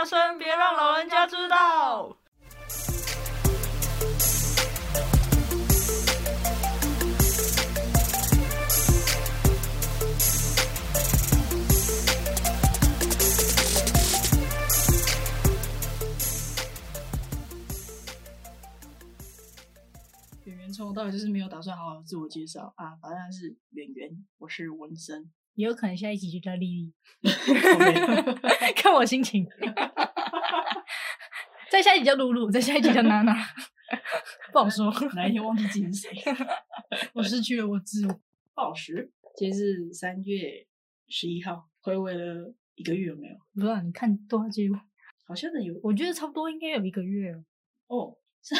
大聲，別讓老人家知道。演員從頭到尾就是沒有打算好好自我介紹啊，反正是演員，我是文森。也有可能下一集就叫麗麗， 看我心情。 再下一集叫露露，再下一集叫娜娜， 不好說。 哪一天忘記自己是誰，我失去了我自我。不好說。今天是三月十一號，回味了一個月有沒有？不知道，你看多少記錄？好像是有，我覺得差不多應該有一個月哦。哦，上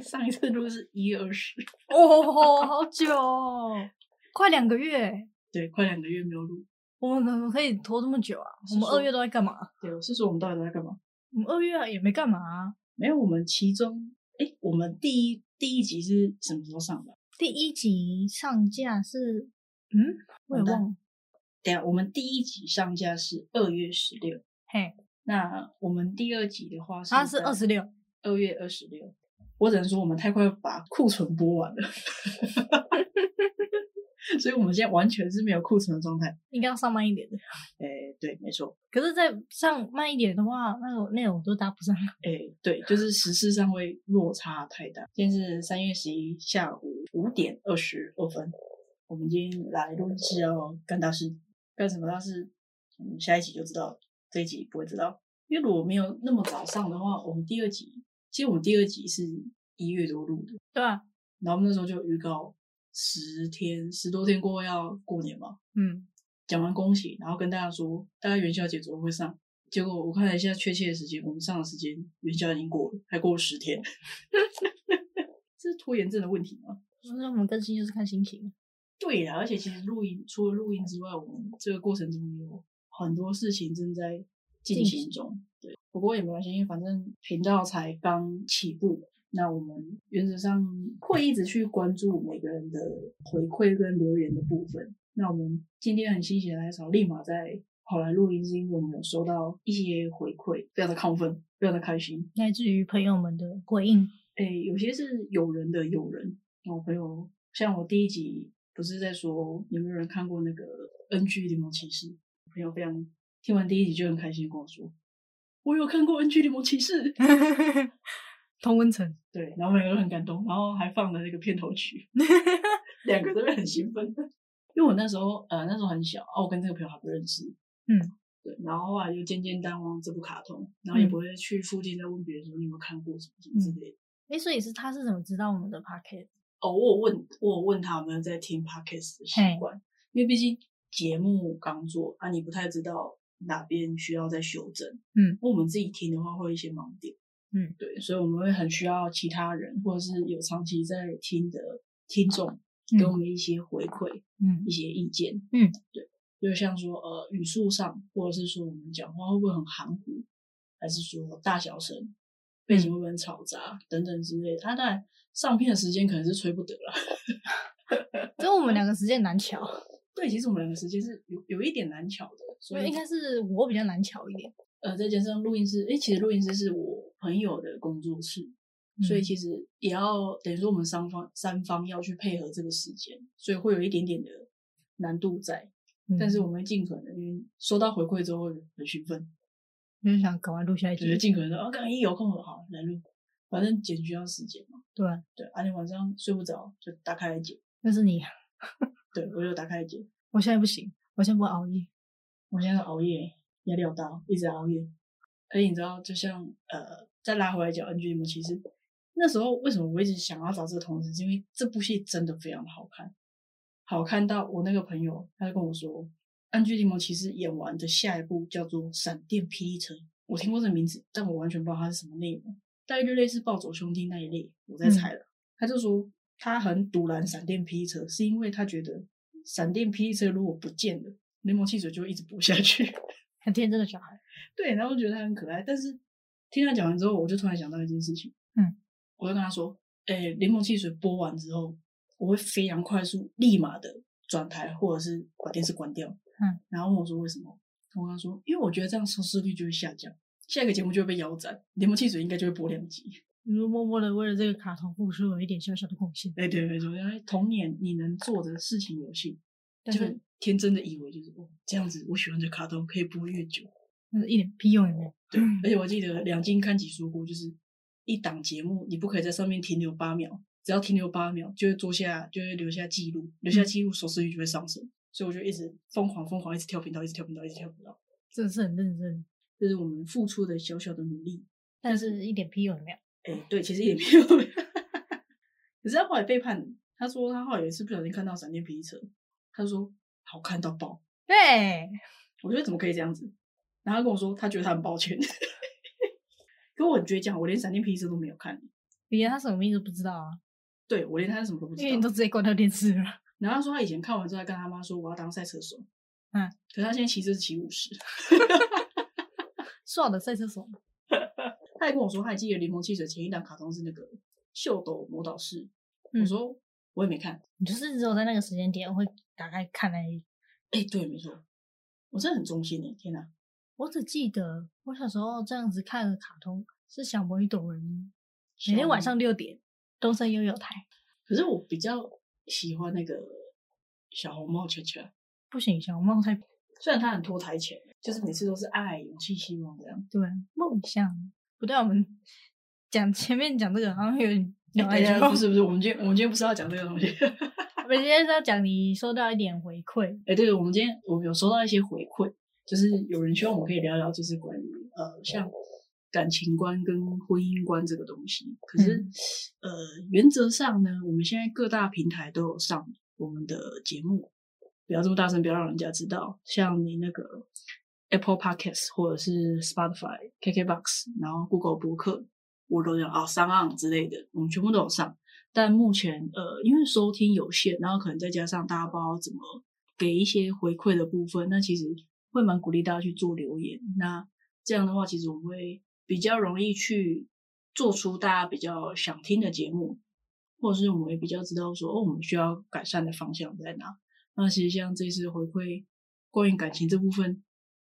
上一次錄是一月二十， 哦，好久，哦， 快兩個月。對，快兩個月沒有錄，我們怎麼可以拖這麼久啊？我們二月都在幹嘛？對，我是說我們到底都在幹嘛？我們二月啊也沒幹嘛，啊，沒有。我們其中，哎，我們第一第一集是什麼時候上的？第一集上架是，嗯，我也忘了。等下，我們第一集上架是二月十六。嘿，那我們第二集的話是？它，啊，是二十六。二月二十六。我只能說，我們太快把庫存播完了。 所以，我們現在完全是沒有庫存的狀態，應該要上慢一點的。誒、欸，對，沒錯。可是，再上慢一點的話，那個內容都搭不上。誒、欸，對，就是時事上會落差太大。今天是三月十一下午五點二十二分，我們今天來錄是要幹大事，幹什麼大事？我、嗯、們下一集就知道，這一集不會知道，因為如果沒有那麼早上的話，我們第二集，其實我們第二集是一月多錄的，對、啊。然後我們那時候就有預告。十天十多天過後要過年嘛？嗯，講完恭喜，然後跟大家說大概元宵節左右會上。結果我看了一下確切的時間，我們上的時間元宵已經過了，還過了十天。嗯、 這是拖延症的問題嗎？那我們更新就是看心情。對呀，而且其實錄音除了錄音之外，我們這個過程中有很多事情正在進行中，進行。對，不過也沒關係，因為反正頻道才剛起步。那我們原則上會一直去關注每個人的回饋跟留言的部分。那我們今天很心血來潮，立馬在好來錄音，是因為我們有收到一些回饋，非常的亢奮，非常的開心。來自於朋友們的回應，哎，有些是友人的友人，我朋友像我第一集不是在說有沒有人看過那個《NG 聯盟騎士》，朋友非常聽完第一集就很開心跟我說，我有看過《NG 聯盟騎士。》 通溫城，對，然後每個都很感動，然後還放了那個片頭曲， 兩個都是很興奮。因為我那時候，呃，那時候很小，哦、啊，我跟這個朋友還不認識。嗯，對，然後啊，後來就漸漸淡忘這部卡通，然後也不會去附近再問別人說、嗯、你有沒有看過什麼什麼之類的。哎、嗯，所以是他是怎麼知道我們的 podcast？哦，我有問我有問他有沒有在聽 podcast 的習慣，因為畢竟節目剛做啊，你不太知道哪邊需要再修正。嗯，因為我們自己聽的話會有一些盲點。嗯，對，所以我們會很需要其他人，或者是有長期在那裡聽的聽眾，給我們一些回饋，嗯，一些意見嗯，嗯，對，就像說，呃，語速上，或者是說我們講話會不會很含糊，還是說大小聲，背、嗯、景會不會很嘈雜等等之類的，他當然上片的時間可能是吹不得了，以、嗯、 我們兩個時間難巧，對，其實我們兩個時間是有有一點難巧的，所以應該是我比較難巧一點。呃，再加上錄音室，哎、欸，其實錄音室是我朋友的工作室，嗯、所以其實也要等於說我們三方三方要去配合這個時間，所以會有一點點的難度在。嗯、但是我們盡可能收到回饋之後會很興奮，會去我就想趕快錄下來就盡可能說，啊，一有空就好來錄，反正剪需要時間嘛。對、啊、對，而、啊、且晚上睡不着就打開來剪。那是你。 對，我就打開來剪。我現在不行，我現在不熬夜，我現在，我現在熬夜。也撂刀，一直熬夜。而、欸、且你知道，就像呃，再拉回來講《NG 騎士檸檬汽水》，其實那時候為什麼我一直想要找這個同事，是因為這部戲真的非常的好看，好看到我那個朋友，他就跟我說，嗯《NG 騎士檸檬汽水》其實演完的下一部叫做《閃電霹靂車》，我聽過這名字，但我完全不知道它是什麼內容，大概就類似《暴走兄弟》那一類，我在猜了，他就說他很賭爛《閃電霹靂車》，是因為他覺得《閃電霹靂車》如果不見了，《檸檬汽水就會一直補下去。嗯 很天真的小孩，對，然後我覺得他很可愛，但是聽他講完之後，我就突然想到一件事情，嗯，我就跟他說，誒、欸、檸檬汽水播完之後，我會非常快速、立馬的轉台，或者是把電視關掉，嗯，然後問我說為什麼？我跟他說，因為我覺得這樣收視率就會下降，下一個節目就會被腰斬，檸檬汽水應該就會播兩集。你就默默的為了這個卡通付出了一點小小的貢獻，誒、欸、對沒錯，童年你能做的事情有限、就是，但是。天真的以為就是哦，這樣子我喜歡的卡通可以播越久，但是一點屁用也沒有。對，而且我記得兩津 勘吉說過，就是一檔節目你不可以在上面停留八秒，只要停留八秒就會坐下，就會留下記錄，留下記錄，收視率就會上升、嗯。所以我就一直瘋狂瘋狂一直跳頻道，一直跳頻道，一直跳頻道、道。真的是很認真，這是我們付出的小小的努力，但是一點屁用也沒有。哎、欸，對，其實一點屁用沒有。 可是他後來背叛，他說他後來是不小心看到閃電霹靂車，他就說。好看到爆！對、欸、我覺得怎麼可以這樣子？然後他跟我說他覺得他很抱歉。可是 我很倔強，我連閃電霹靂車都沒有看，你連他什麼名字都不知道啊？對，我連他什麼都不知道，因為你都直接關掉電視了。然後他說他以前看完之後，他跟他媽說，我要當賽車手。嗯，可他現在騎車是騎五十。說好 的賽車手。他也跟我說，他還記得檸檬汽水前一檔卡通是那個秀逗魔導士。嗯、我說。我也沒看，你就是只有在那個時間點我會打開看嘞。哎、欸，對，沒錯，我真的很忠心的。天哪、啊，我只記得我小時候這樣子看的卡通是小魔女 DoReMi，每天晚上六點東森幼幼台。可是我比較喜歡那個《小紅帽圈圈》，不行，《小紅帽》太雖然他很脫台前，就是每次都是愛、勇氣、希望這樣。對，夢想不對，我們講前面講這個好像有點。不、oh. 是不是，我們今天我們今天不是要講這個東西， 我們今天是要講你收到一點回饋。哎，對，我們今天我們有收到一些回饋，就是有人希望我們可以聊聊，就是關於呃，像感情觀跟婚姻觀這個東西。可是、嗯、呃，原則上呢，我們現在各大平台都有上我們的節目，不要這麼大聲，不要讓人家知道。像你那個 Apple Podcast 或者是 Spotify、KKBox，然後 Google 播客。我都想啊、哦，上岸之類的，我們全部都有上。但目前，呃，因為收聽有限，然後可能再加上大家不知道怎麼給一些回饋的部分，那其實會蠻鼓勵大家去做留言。那這樣的話，其實我們會比較容易去做出大家比較想聽的節目，或者是我們也比較知道說，哦，我們需要改善的方向在哪。那其實像這次回饋關於感情這部分，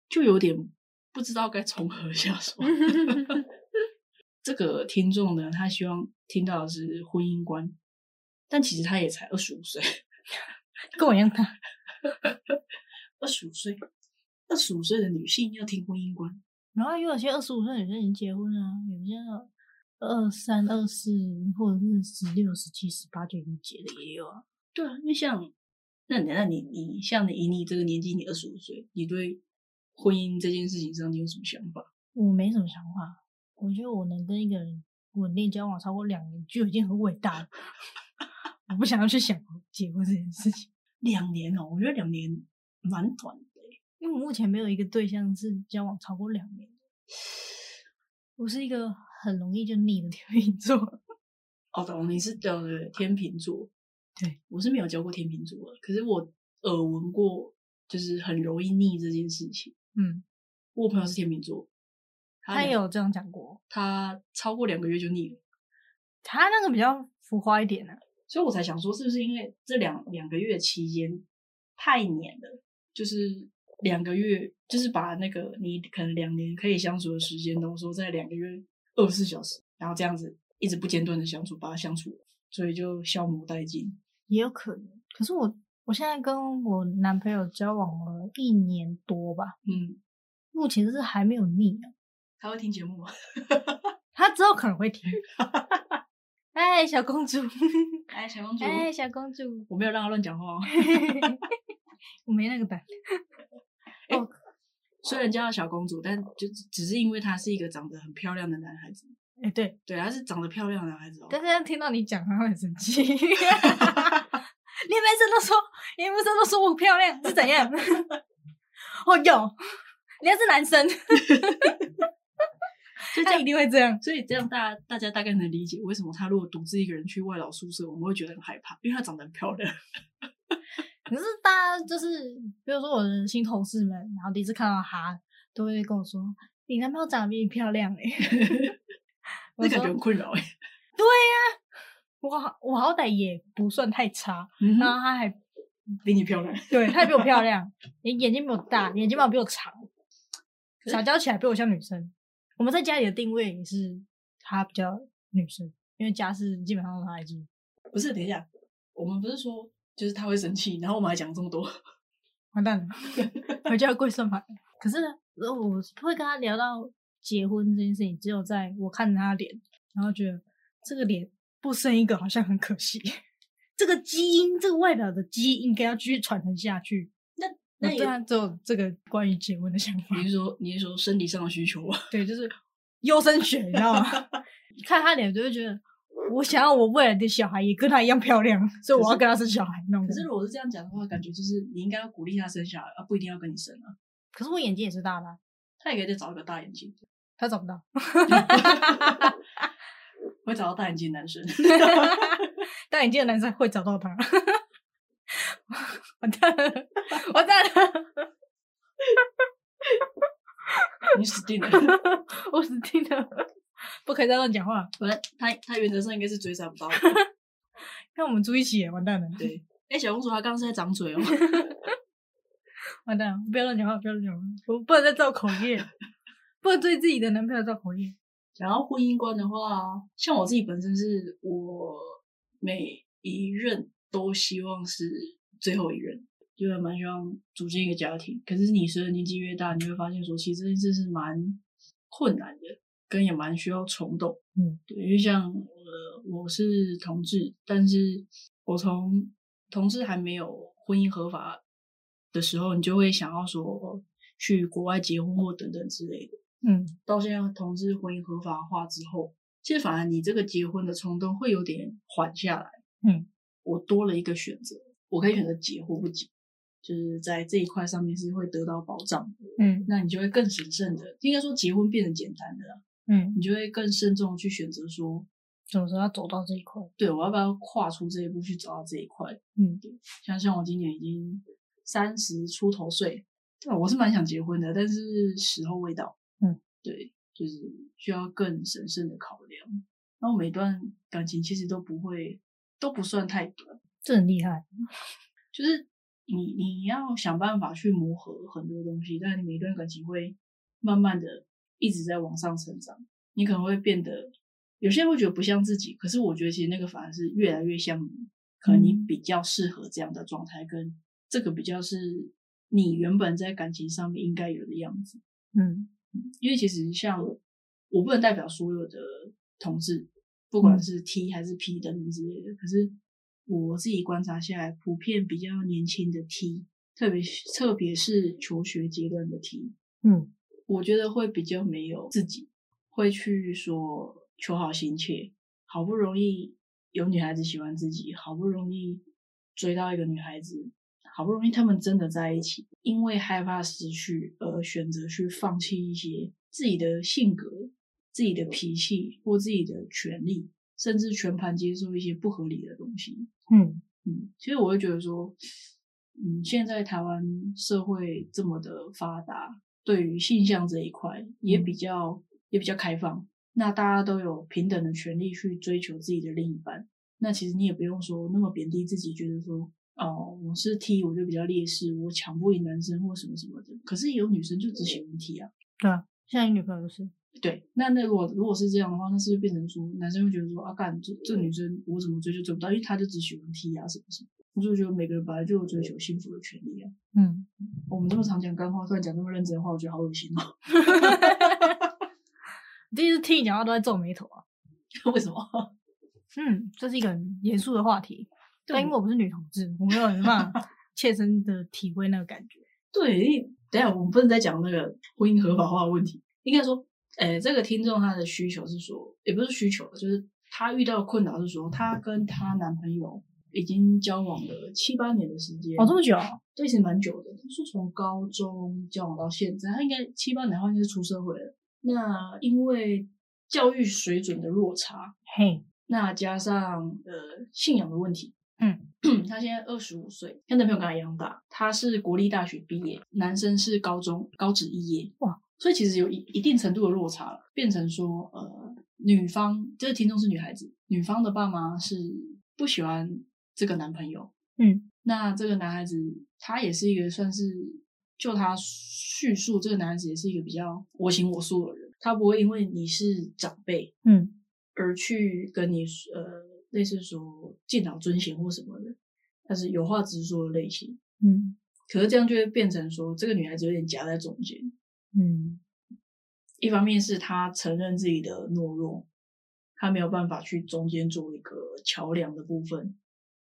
就有點不知道該從何下手。 這個聽眾呢，他希望聽到的是婚姻觀，但其實他也才二十五歲， 跟我一樣大，啊，二十五歲，二十五歲的女性要聽婚姻觀，然後有些二十五歲的女生已經結婚了，啊，有些二三、二四或者是十六、十七、十八就已經結了也有啊。對啊，因為像那你那你，你你像你以你這個年紀，你二十五歲，你對婚姻這件事情上你有什麼想法？我沒什麼想法。我覺得我能跟一個人穩定交往超過兩年，就已經很偉大了。我不想要去想結婚這件事情。兩年哦，我覺得兩年蠻短的，因為我目前沒有一個對象是交往超過兩年。我是一個很容易就膩的天秤座、 喔。哦，懂你是，我是的天秤座、 哦。對、嗯，我是沒有交過天秤座的，可是我耳聞過，就是很容易膩這件事情。嗯，我朋友是天秤座。他，他也有這樣講過，他超過兩個月就膩了。他那個比較浮誇一點呢、啊，所以我才想說，是不是因為這兩兩個月期間太黏了？就是兩個月，就是把那個你可能兩年可以相處的時間，都說在兩個月二十四小時，然後這樣子一直不間斷的相處，把它相處了，所以就消磨殆盡，也有可能。可是我我現在跟我男朋友交往了一年多吧，嗯，目前是還沒有膩啊。他會聽節目嗎？他 之後可能會聽。 哎，小公主！哎，小公主！哎，小公主！我沒有讓他亂講話、哦， 我沒那個膽。哦、欸，oh, 雖然叫他小公主，但就只是因為他是一個長得很漂亮的男孩子。哎、欸，對對，他是長得漂亮的男孩子、哦。但是聽到你講，他會很生氣。連男生都說，連男生都說我漂亮是怎樣？哦喲，你要是男生。 所以他一定會這樣，所以這樣大家、嗯、大家大概能理解為什麼他如果獨自一個人去外勞宿舍，我們會覺得很害怕，因為他長得很漂亮。可是大家就是，比如說我的新同事們，然後第一次看到他，都會跟我說：“你男朋友長得比你漂亮哎、欸。”這感覺很困擾誒，對呀，我、啊、我，好我好歹也不算太差，嗯、然後他還比你漂亮？對，他比我漂亮， 眼睛比我大，眼睫毛比我長，撒 嬌起來比我像女生。我們在家裡的定位也是他比較女生，因為家事基本上都是他來做。不是，等一下，我們不是說就是他會生氣，然後我們還講這麼多，完蛋了，回家跪算盤。 可是如果我會跟他聊到結婚這件事情，只有在我看着他的臉，然後覺得這個臉不生一個好像很可惜， 這個基因，這個外表的基因應該要繼續傳承下去。那當然，就這個關於結婚的想法。你是說，你是說身體上的需求嗎？對，就是優生學，你知道嗎？ 你看他臉，就會覺得 我想要我未來的小孩也跟他一樣漂亮，所以我要跟他生小孩弄，懂，可是如果是，是這樣講的話，感覺就是你應該要鼓勵他生小孩，而、啊、不一定要跟你生啊。可是我眼睛也是大的、啊，他也可以再找一個大眼睛，他找不到。 會找到大眼睛的男生， 大眼睛的男生會找到他。完蛋了！完蛋了！你死定了！ 我死定了！不可以再亂講話。不然，他他原則上應該是嘴長包，包。看我們住一起，完蛋了。對，哎、欸，小公主她剛剛是在長嘴哦、喔。完蛋了！不要亂講話，不要亂講話，我不能再造口業，不能對自己的男朋友造口業。講到婚姻觀的話，像我自己本身是我每一任都希望是，最後一任，就還蠻希望組建一個家庭。可是你隨着年紀越大，你會發現說，其實這是蠻困難的，跟也蠻需要衝動。嗯，對，因為像呃，我是同志，但是我從同志還沒有婚姻合法的時候，你就會想要說去國外結婚或等等之類的。嗯，到現在同志婚姻合法化之後，其實反而你這個結婚的衝動會有點緩下來。嗯，我多了一個選擇。我可以選擇結或不結，就是在這一塊上面是會得到保障的。嗯，那你就會更審慎的，應該說結婚變得簡單的了。嗯，你就會更慎重去選擇說，什麼時候，要走到這一塊？對，我要不要跨出這一步去走到這一塊？嗯，對，像像我今年已經三十出頭歲，哦，我是蠻想結婚的，但是時候未到。嗯，對，就是需要更審慎的考量。然後每段感情其實都不會都不算太短。這很厲害，就是你你要想辦法去磨合很多東西，但你每一段感情會慢慢的一直在往上成長，你可能會變得有些人會覺得不像自己，可是我覺得其實那個反而是越來越像你，可能你比較適合這樣的狀態，嗯、跟這個比較是你原本在感情上面應該有的樣子。嗯，因為其實像我，我不能代表所有的同志，不管是 T 還是 P 等等之類的，可是。我自己觀察下來，普遍比較年輕的 T，特別特別是求學階段的 T，嗯，我覺得會比較沒有自己，會去說求好心切，好不容易有女孩子喜歡自己，好不容易追到一個女孩子，好不容易他們真的在一起，因為害怕失去而選擇去放棄一些自己的性格、自己的脾氣或自己的權利，甚至全盤接受一些不合理的東西。嗯嗯，其實我會覺得說，嗯，現在台灣社會這麼的發達，對於性向這一塊也比較、嗯、也比較開放，那大家都有平等的權利去追求自己的另一半。那其實你也不用說那麼貶低自己，覺得說哦，我是 T 我就比較劣勢，我搶不贏男生或什麼什麼的。可是也有女生就只喜歡 T 啊，對、嗯、啊，像你女朋友是。對，那那如果如果是這樣的話，那是不是變成說男生會覺得說啊，幹這這女生我怎麼追就追不到，因為他就只喜歡踢啊什麼什麼。我就覺得每個人本來就有追求幸福的權利啊。嗯，我們這麼常講幹話，突然講這麼認真的話，我覺得好噁心啊。 第一次聽你講話都在皺眉頭啊？為什麼？嗯，這是一個很嚴肅的話題。對，因為我不是女同志，我沒有辦法切身的體會那個感覺。 對，因為等一下我們不能再講那個婚姻合法化的問題，應該說。誒、欸、這個聽眾她的需求是說，也不是需求，就是她遇到的困難是說，她跟她男朋友已經交往了七八年的時間哦，這麼久、啊，這已經蠻久的，是從高中交往到現在，他應該七八年的話應該是出社會了。那因為教育水準的落差，嘿，那加上呃信仰的問題，嗯， 他現在二十五歲，跟男朋友跟他一樣大，他是國立大學畢業，男生是高中高職畢業，哇。所以其實有一一定程度的落差了，變成說，呃，女方，這個聽眾是女孩子，女方的爸媽是不喜歡這個男朋友，嗯，那這個男孩子他也是一個算是，就他敘述，這個男孩子也是一個比較我行我素的人，他不會因為你是長輩，嗯，而去跟你呃類似說敬老尊賢或什麼的，他是有話直說的類型，嗯，可是這樣就會變成說，這個女孩子有點夾在中間。嗯，一方面是他承認自己的懦弱，他沒有辦法去中間做一個橋樑的部分。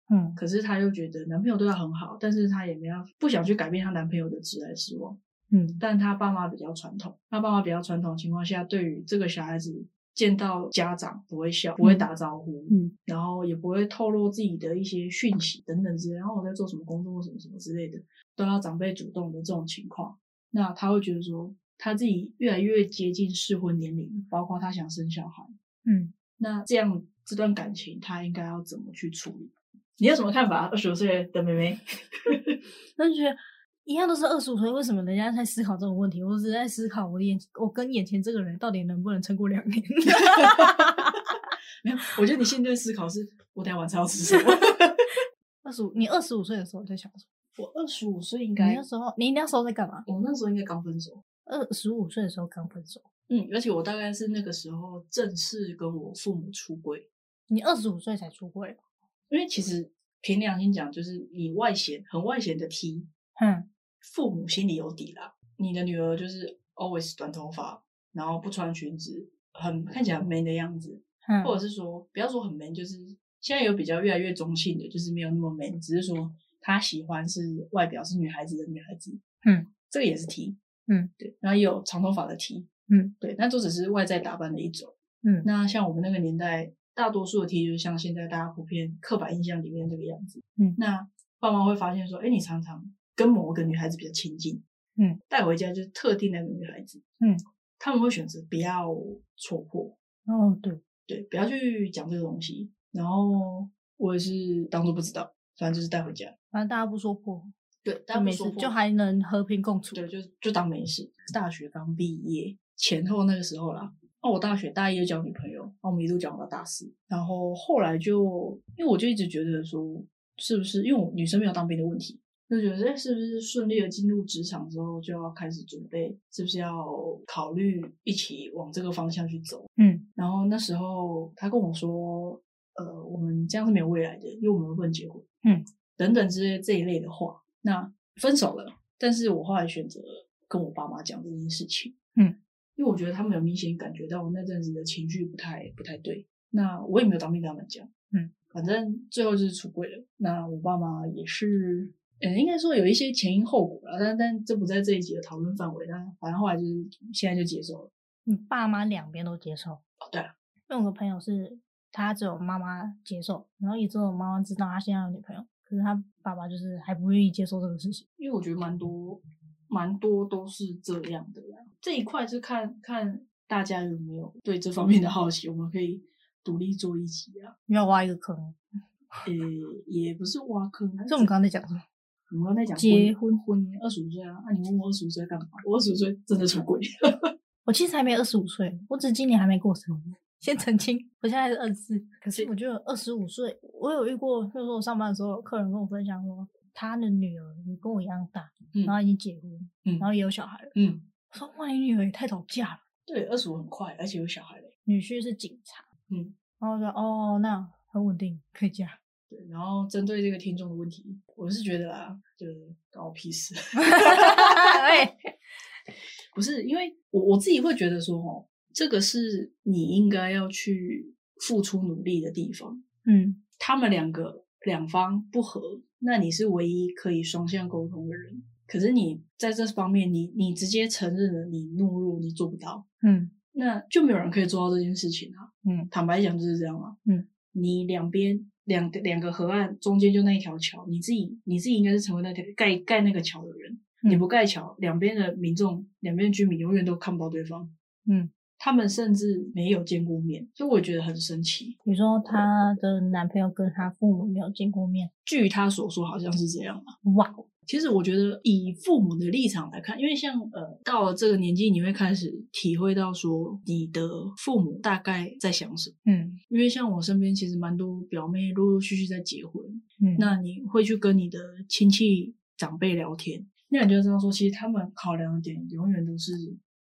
嗯，可是他又覺得男朋友對他很好，但是他也沒有不想去改變他男朋友的直來直往。嗯，但他爸媽比較傳統，他爸媽比較傳統情況下，對於這個小孩子見到家長不會笑，不會打招呼，嗯，嗯，然後也不會透露自己的一些訊息等等之類，然後我在做什麼工作什麼什麼之類的，都要長輩主動的這種情況。那他會覺得說，他自己越來越接近適婚年齡，包括他想生小孩。嗯，那這樣這段感情，他應該要怎麼去處理？你有什麼看法？二十五歲的妹妹， 那就覺得一樣都是二十五歲，為什麼人家在思考這種問題，我只在思考我眼，我跟眼前這個人到底能不能撐過兩年？沒有，我覺得你現在思考是，我等下晚上要吃什麼？二十五，你二十五歲的時候在想什麼？我二十五歲應該，你那時候，你那時候在幹嘛？我那時候應該剛分手，二十五歲的時候剛分手。嗯，而且我大概是那個時候正式跟我父母出櫃。你二十五歲才出櫃？因為其實憑良心講，就是你外顯很外顯的 T，嗯，父母心裡有底啦。你的女兒就是 always 短頭髮，然後不穿裙子，很看起來很 man 的樣子，嗯、或者是說不要說很 man，就是現在有比較越來越中性的，就是沒有那麼 man，只是說。他喜歡是外表是女孩子的女孩子，嗯，這個也是 T，嗯，對，然後也有長頭髮的 T，嗯，對，那都只是外在打扮的一種，嗯，那像我們那個年代，大多數的 T 就是像現在大家普遍刻板印象裡面這個樣子，嗯，那爸媽會發現說，哎，你常常跟某個女孩子比較親近，嗯，帶回家就是特定那個女孩子，嗯，他們會選擇不要戳破，哦，對，對，不要去講這個東西，然後我也是當做不知道，反正就是帶回家。反正大家不說破，對，但沒事就還能和平共處，對，就就當沒事。大學剛畢業前後那個時候啦，那我大學大一就交女朋友，那我們一路交往到大四，然後後來就因為我就一直覺得說，是不是因為我女生沒有當兵的問題，就覺得是不是順利的進入職場之後就要開始準備，是不是要考慮一起往這個方向去走?嗯，然後那時候他跟我說，呃，我們這樣是沒有未來的，因為我們不能結婚。嗯。等等之類這一類的話，那分手了，但是我後來選擇跟我爸媽講這件事情，嗯，因為我覺得他們有明顯感覺到我那陣子的情緒不太不太對，那我也沒有當面跟他們講，嗯，反正最後就是出櫃了。那我爸媽也是，嗯、欸，應該說有一些前因後果了，但但這不在這一集的討論範圍。那反正後來就是現在就接受了，嗯，爸媽兩邊都接受？哦，對了，那我的朋友是，他只有媽媽接受，然後也只有媽媽知道他現在有女朋友。可是他爸爸就是還不願意接受這個事情，因為我覺得蠻多，蠻多都是這樣的呀、啊。這一塊是看看大家有沒有對這方面的好奇，我們可以獨立做一集啊。你要挖一個坑？啊？呃、欸，也不是挖坑，這 是我們剛才講的。我們剛才講結婚婚，二十五歲啊，那、啊啊、你問我二十五歲幹嘛？我二十五歲真的出軌。 我其實還沒二十五歲，我只是今年還沒過生日。先澄清，我現在是二十四，可是我覺得二十五歲，我有遇過，就是我上班的時候，客人跟我分享說，他的女兒也跟我一樣大，嗯、然後已經結婚、嗯，然後也有小孩了。嗯，我說，哇，你女兒也太早嫁了。對，二十五很快，而且有小孩了。女婿是警察。嗯，然後我說，哦，那很穩定，可以嫁。對，然後針對這個聽眾的問題，我是覺得啦，就是搞屁事。 不是，因為我我自己會覺得說，哦。這個是你應該要去付出努力的地方。嗯，他們兩個兩方不合，那你是唯一可以雙向溝通的人。可是你在這方面，你你直接承認了你懦弱，你做不到。嗯，那就沒有人可以做到這件事情啊。嗯，坦白講就是這樣嘛、啊。嗯，你兩邊兩兩個河岸中間就那一條橋，你自己你自己應該是成為那條蓋蓋那個橋的人、嗯。你不蓋橋，兩邊的民眾、兩邊居民永遠都看不到對方。嗯。他們甚至沒有見過面，所以我覺得很神奇。比如說她的男朋友跟她父母沒有見過面，據她所說好像是這樣吧？哇，其實我覺得以父母的立場來看，因為像呃到了這個年紀，你會開始體會到說你的父母大概在想什麼。嗯，因為像我身邊其實蠻多表妹陸陸續續在結婚，嗯，那你會去跟你的親戚長輩聊天，那你就知道說，其實他們考量的點永遠都是，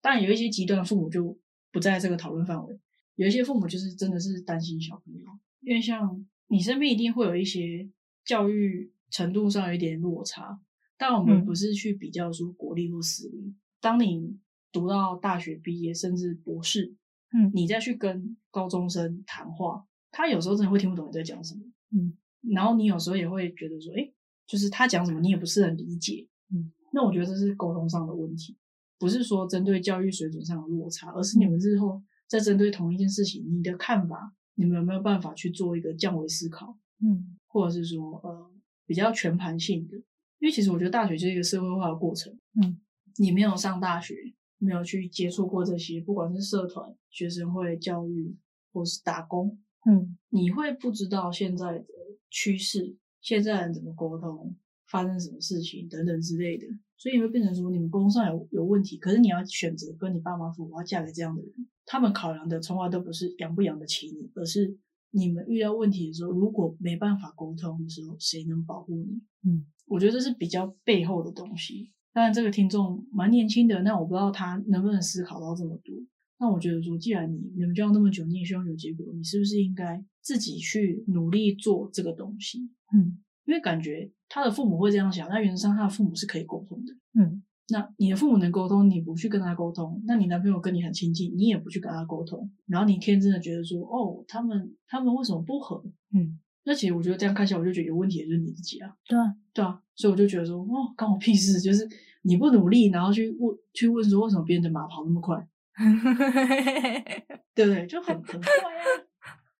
但有一些極端的父母就。不在這個討論範圍。有一些父母就是真的是擔心小朋友，因為像你身邊一定會有一些教育程度上有一點落差。但我們不是去比較說國立或私立。嗯。當你讀到大學畢業甚至博士，嗯，你再去跟高中生談話，他有時候真的會聽不懂你在講什麼，嗯。然後你有時候也會覺得說，哎，就是他講什麼你也不是很理解，嗯。那我覺得這是溝通上的問題。不是說針對教育水準上的落差，而是你們日後在針對同一件事情，嗯、你的看法，你們有沒有辦法去做一個降維思考？嗯，或者是說呃比較全盤性的，因為其實我覺得大學就是一個社會化的過程。嗯，你沒有上大學，沒有去接觸過這些，不管是社團、學生會、教育，或是打工，嗯，你會不知道現在的趨勢，現在人怎麼溝通，發生什麼事情等等之類的。所以會變成說，你們溝通上有有問題，可是你要選擇跟你爸媽、父母要嫁給這樣的人，他們考量的從來都不是養不養得起你，而是你們遇到問題的時候，如果沒辦法溝通的時候，誰能保護你？嗯，我覺得這是比較背後的東西。當然，這個聽眾蠻年輕的，那我不知道他能不能思考到這麼多。那我覺得說，既然你，你們交往那麼久，你也希望有結果，你是不是應該自己去努力做這個東西？嗯。因為感覺他的父母會這樣想，那原則上他的父母是可以溝通的。嗯，那你的父母能溝通，你不去跟他溝通，那你男朋友跟你很親近，你也不去跟他溝通，然後你天真的覺得說，哦，他們他們為什麼不和？嗯，那其實我覺得這樣看起來，我就覺得有問題也就是你自己啊、嗯。對啊，對啊，所以我就覺得說，哦，關我屁事、嗯，就是你不努力，然後去問去問說，為什麼別人的馬跑那麼快？對 不對？就很可笑呀。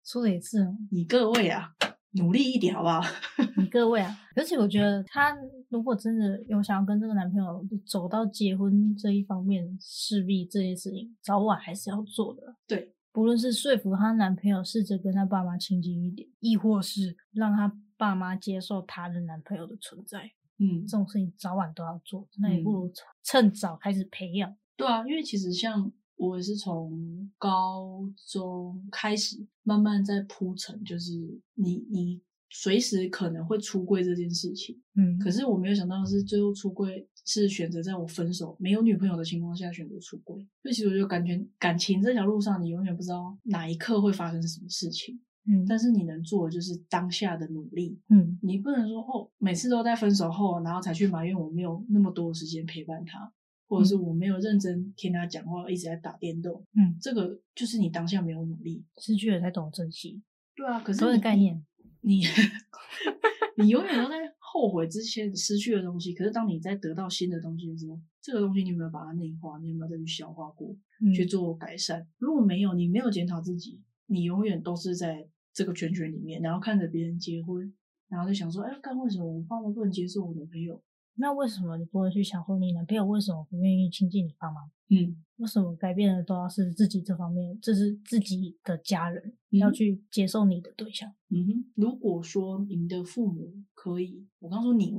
說了一次，你各位啊。努力一點好不好， 各位啊！而且我覺得，她如果真的有想要跟這個男朋友走到結婚這一方面，勢必這些事情早晚還是要做的。對，不論是說服她男朋友試着跟她爸媽親近一點，抑或是讓她爸媽接受她的男朋友的存在，嗯，這種事情早晚都要做，那也不如趁早開始培養。嗯。對啊，因為其實像。我也是從高中開始慢慢在鋪陳，就是你你隨時可能會出櫃這件事情，嗯，可是我沒有想到的是最後出櫃是選擇在我分手沒有女朋友的情況下選擇出櫃，所以其實我就感覺感情這條路上，你永遠不知道哪一刻會發生什麼事情，嗯，但是你能做的就是當下的努力，嗯，你不能說哦，每次都在分手後，然後才去埋怨我沒有那麼多時間陪伴他。或者是我沒有認真聽他講話，一直在打電動。嗯，這個就是你當下沒有努力，失去了才懂珍惜。對啊，可是所有的概念，你你， 你永遠都在後悔之前失去的東西。可是當你在得到新的東西的時候，這個東西你有沒有把它內化？你有沒有再去消化過、嗯，去做改善？如果沒有，你沒有檢討自己，你永遠都是在這個圈圈裡面，然後看着別人結婚，然後就想說，哎、欸，剛為什麼我爸媽不能接受我的朋友？那為什麼你不會去想說？你男朋友為什麼不願意親近你爸媽？嗯，為什麼改變的都要是自己這方面，這是自己的家人、嗯、要去接受你的對象？嗯哼。如果說您的父母可以，我剛說您，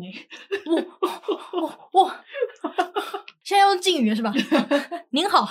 不、欸、不， 現在用敬語了是吧？ 您好，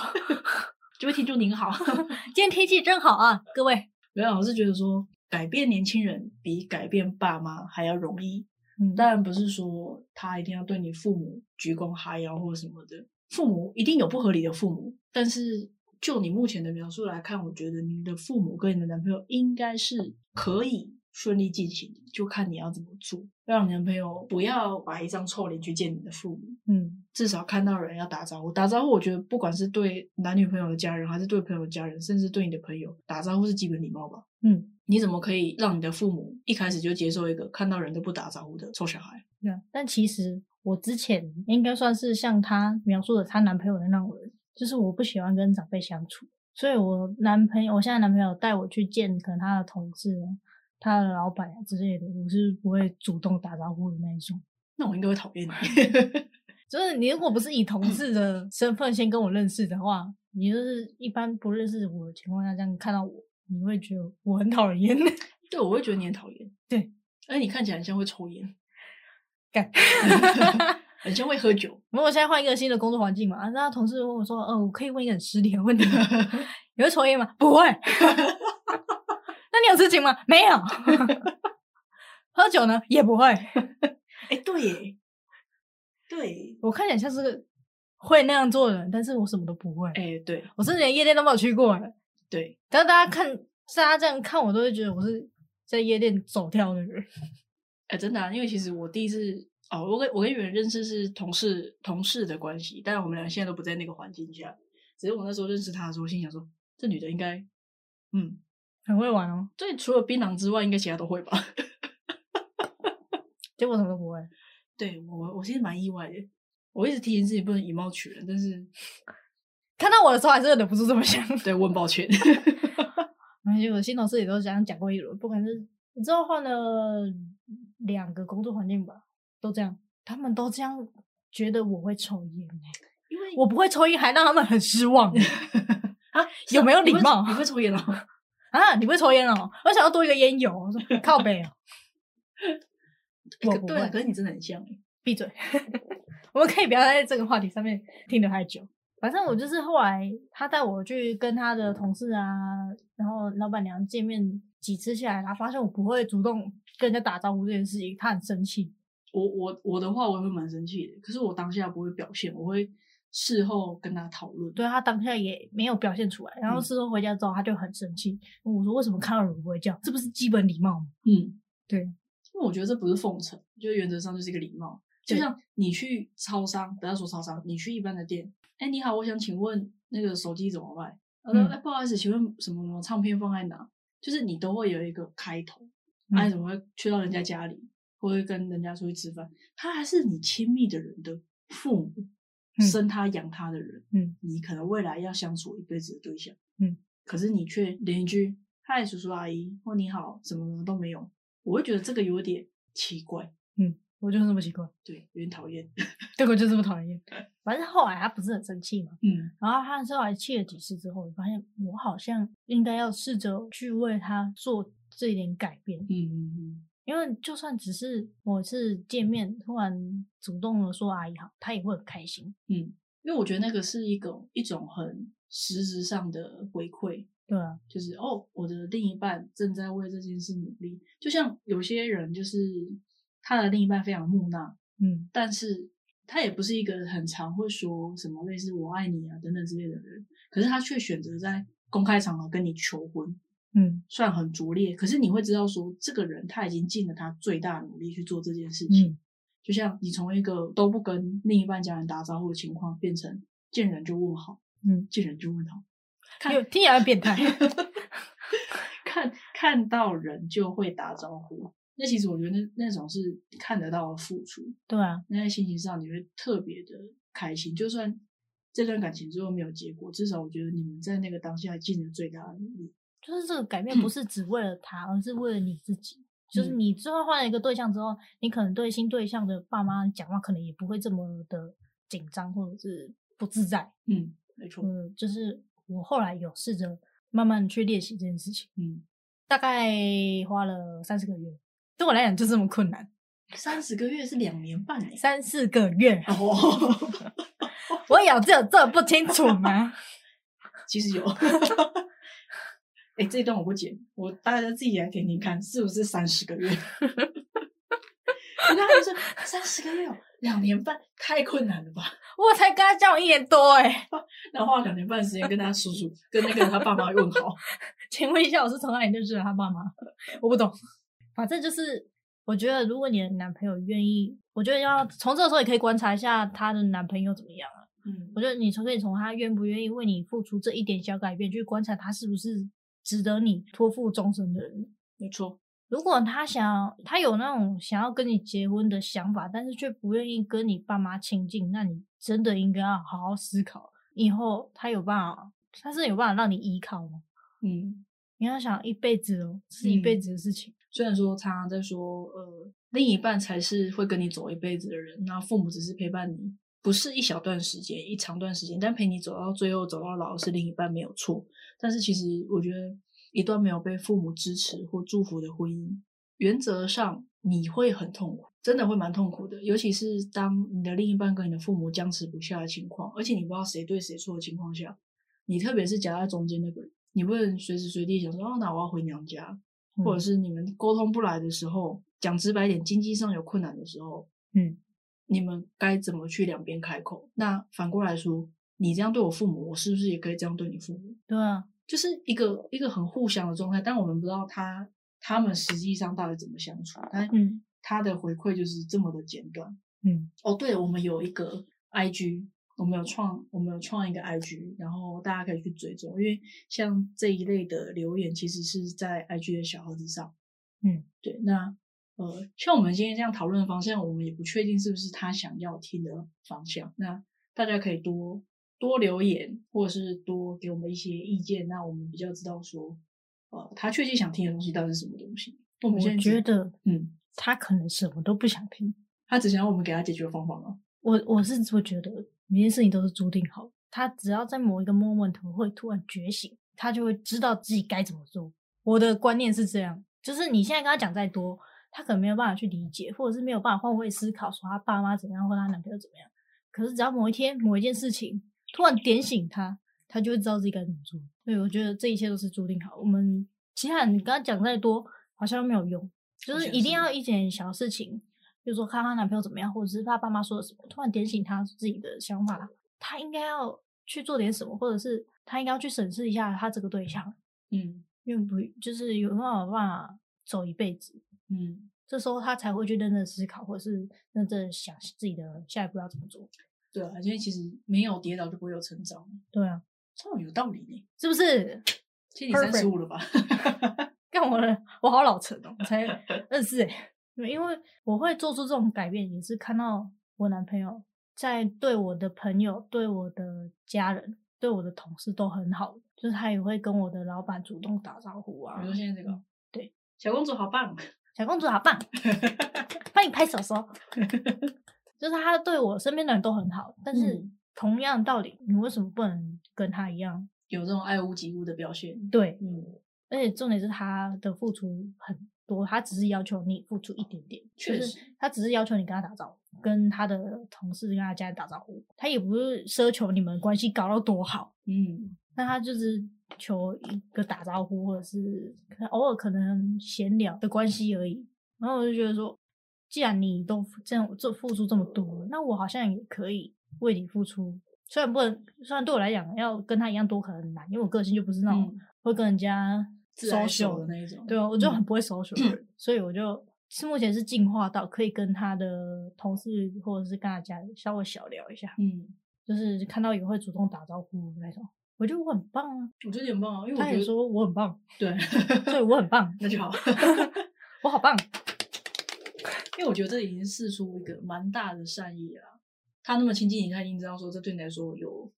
各位聽眾您好， 今天天氣真好啊，各位。沒有，我是覺得說改變年輕人比改變爸媽還要容易。嗯，當然不是說他一定要對你父母鞠躬哈腰或者什麼的，父母一定有不合理的父母，但是就你目前的描述來看，我覺得你的父母跟你的男朋友應該是可以順利進行，就看你要怎麼做，讓你男朋友不要擺一張臭臉去見你的父母。嗯，至少看到人要打招呼，打招呼，我覺得不管是對男女朋友的家人，還是對朋友的家人，甚至對你的朋友，打招呼是基本禮貌吧。嗯。你怎麼可以讓你的父母一開始就接受一個看到人都不打招呼的臭小孩？對、yeah，但其實我之前應該算是像他描述的，他男朋友的那種人，就是我不喜歡跟長輩相處，所以我男朋友，我現在男朋友帶我去見可能他的同事、他的老闆啊之類的，我是不會主動打招呼的那一種。那我應該會討厭你， 就是你如果不是以同事的身份先跟我認識的話，你就是一般不認識我的情況下這樣看到我。你會覺得我很討厭？對，我會覺得你很討厭。對，而你看起來很像會抽煙，幹，啊、 很像會喝酒。我我現在換一個新的工作環境嘛，那、啊、同事問我說：“呃、哦，我可以問一個很失禮的問題， 你會抽煙嗎？” 不會。那 你有事情嗎？ 沒有。 喝酒呢？也不會。哎、 欸，對耶，對耶。我看起來像是個會那樣做的人，但是我什麼都不會。哎、欸，對，我甚至連夜店都沒有去過。對，但是大家看，大家這樣看我，都會覺得我是在夜店走跳的人。哎、欸，真的、啊，因為其實我第一次哦，我跟我跟女人認識是同事同事的關係，當然我們倆現在都不在那個環境下。只是我那時候認識她的時候，我心想說這女的應該嗯很會玩哦。所以除了檳榔之外，應該其他都會吧。 結果什麼都不會，對我我其實蠻意外的。我一直提醒自己不能以貌取人，但是。看到我的時候還是忍不住這麼想， 對，問抱歉。而 且我新同事也都這樣講過一輪，不管是你知道換了兩個工作環境吧，都這樣，他們都這樣覺得我會抽菸、欸，因為我不會抽菸，還讓他們很失望、欸。啊、啊，有沒有禮貌？你會、你會抽菸哦、喔？啊，你會抽菸哦、喔？我想要多一個菸友、喔，我說靠北哦、喔欸。我不會，可是你真的很像、欸，閉嘴。 我們可以不要在這個話題上面停留太久。反正我就是後來他帶我去跟他的同事啊，嗯、然後老闆娘見面幾次下來，然後發現我不會主動跟人家打招呼這件事情，他很生氣。我我我的話我也會蠻生氣的，可是我當下不會表現，我會事後跟他討論。對，他當下也沒有表現出來，然後事後回家之後他就很生氣。嗯、我說為什麼看到人不會叫？這不是基本禮貌。嗯，對，因為我覺得這不是奉承，就是原則上就是一個禮貌。就像你去超商，不要說超商，你去一般的店，哎、欸，你好，我想請問那個手機怎麼賣？嗯，哎、啊，不好意思，請問什麼什麼唱片放在哪？就是你都會有一個開頭，哎、嗯，啊、怎麼會去到人家家裡、嗯，或會跟人家出去吃飯？他還是你親密的人的父母、嗯，生他養他的人，嗯，你可能未來要相處一輩子的對象，嗯，可是你卻連一句“嗨，叔叔阿姨”或“你好”什麼什麼都沒有，我會覺得這個有點奇怪。我就是這麼奇怪，對，有點討厭， 對我就這麼討厭。反正後來他不是很生氣嘛，嗯，然後他後來氣了幾次之後，我發現我好像應該要試着去為他做這一點改變，嗯嗯嗯，因為就算只是某一次見面突然主動的說阿姨好，他也會很開心，嗯，因為我覺得那個是一種一種很實質上的回饋，對啊，就是哦，我的另一半正在為這件事努力，就像有些人就是。他的另一半非常木訥，嗯，但是他也不是一個很常會說什麼類似“我愛你”啊等等之類的人，可是他卻選擇在公開場合跟你求婚，嗯，算很拙劣，可是你會知道說，這個人他已經盡了他最大努力去做這件事情，嗯，就像你從一個都不跟另一半家人打招呼的情況，變成見人就問好，嗯，見人就問好，看，聽起來變態，看 看，看到人就會打招呼。那其實我覺得那那種是看得到的付出，對啊，那在心情上你會特別的開心，就算這段感情最後沒有結果，至少我覺得你們在那個當下盡了最大的努力。就是這個改變不是只為了他，嗯、而是為了你自己。就是你最後換了一個對象之後，你可能對新對象的爸媽講話，可能也不會這麼的緊張或者是不自在。嗯，沒錯。嗯，就是我後來有試着慢慢去練習這件事情，嗯，大概花了三四個月。對我來講就這麼困難，三十個月是兩年半、欸、三四個月，哦、 我有這這不清楚嗎？其實有，哎、 欸，這一段我不剪，我大家自己來聽聽看，是不是三十個月？然 後他們說 三十個月，兩年半太困難了吧？我才跟他交往一年多哎、欸，然後花了兩年半時間跟他叔叔、 跟那個他爸媽問好。請問一下，我是從哪裡認識他爸媽？我不懂。反正就是，我覺得如果你的男朋友願意，我覺得要從這個時候也可以觀察一下他的男朋友怎麼樣啊。嗯，我覺得你從可以從他願不願意為你付出這一點小改變，去觀察他是不是值得你托付終身的人。沒錯，如果他想要，他有那種想要跟你結婚的想法，但是卻不願意跟你爸媽親近，那你真的應該要好好思考，以後他有辦法，他是有辦法讓你依靠嗎？嗯，你要想一輩子哦，是一輩子的事情。嗯。雖然說他在說，呃，另一半才是會跟你走一輩子的人，然後父母只是陪伴你，不是一小段時間，一長段時間，但陪你走到最後，走到老是另一半沒有錯。但是其實我覺得，一段沒有被父母支持或祝福的婚姻，原則上你會很痛苦，真的會蠻痛苦的。尤其是當你的另一半跟你的父母僵持不下的情況，而且你不知道誰對誰錯的情況下，你特別是夾在中間那個人，你不能隨時隨地想說，哦，那我要回娘家。或者是你們溝通不來的時候，講直白點，經濟上有困難的時候，嗯，你們該怎麼去兩邊開口？那反過來說，你這樣對我父母，我是不是也可以這樣對你父母？對、嗯、啊，就是一個一個很互相的狀態，但我們不知道他他們實際上到底怎麼相處、嗯，但他的回饋就是這麼的簡短。嗯，哦、oh，對，我們有一個 IG。我們有創，我們有創一個 IG，然後大家可以去追蹤，因為像這一類的留言，其實是在 IG 的小號上。嗯，對。那呃，像我們今天這樣討論的方向，我們也不確定是不是他想要聽的方向。那大家可以多多留言，或者是多給我們一些意見，那我們比較知道說，呃，他確定想聽的東西到底是什麼東西，我我們。我覺得，嗯，他可能什麼都不想聽，他只想要我們給他解決的方法嗎？我我是我覺得。每件事情都是注定好，他只要在某一個 moment 會突然覺醒，他就會知道自己該怎麼做。我的觀念是這樣，就是你現在跟他講再多，他可能沒有辦法去理解，或者是沒有辦法換位思考，說他爸媽怎樣，或他男朋友怎麼樣。可是只要某一天，某一件事情突然點醒他，他就會知道自己該怎麼做。所以我覺得這一切都是注定好。我們其他人，你跟他講再多，好像沒有用，就是一定要一件小事情。就是說，看她男朋友怎麼樣，或者是她爸媽說了什麼，突然點醒她自己的想法了，她應該要去做點什麼，或者是她應該要去審視一下她這個對象，嗯，因為不就是有沒有辦法走一輩子，嗯，這時候她才會去認真思考，或者是認真想自己的下一步要怎麼做。對啊，因為其實沒有跌倒就不會有成長。對啊，哦，有道理呢，是不是？其實你三十五了吧？幹 我呢，我好老成哦、喔，我才二十四。誒因為我會做出這種改變，也是看到我男朋友在對我的朋友、對我的家人、對我的同事都很好，就是他也會跟我的老闆主動打招呼啊。比如現在這個，對，小公主好棒，小公主好棒，幫你 拍手說。 就是他對我身邊的人都很好，但是同樣的道理，你為什麼不能跟他一樣？有這種愛屋及烏的表現？對，嗯，而且重點是他的付出很。多，他只是要求你付出一點點，就是，他只是要求你跟他打招呼，跟他的同事、跟他家人打招呼，他也不是奢求你們關係搞到多好，嗯，那他就是求一個打招呼，或者是偶爾可能閒聊的關係而已。然後我就覺得說，既然你都這樣這付出這麼多，那我好像也可以為你付出，雖然不能，雖然對我來講要跟他一樣多可能很難，因為我個性就不是那種、嗯、會跟人家。social 的那一種，嗯、對啊，我就很不會 social，嗯，所以我就是目前是進化到可以跟他的同事或者是跟他家稍微小聊一下，嗯，就是看到也會主動打招呼那種。我覺得我很棒啊，我覺得你很棒啊，因為我覺得他也說我很棒，對， 所以我很棒， 那就好， 我好棒，因為我覺得這已經是釋出一個蠻大的善意了，他那麼親近你看，他已經知道說，這對你來說有。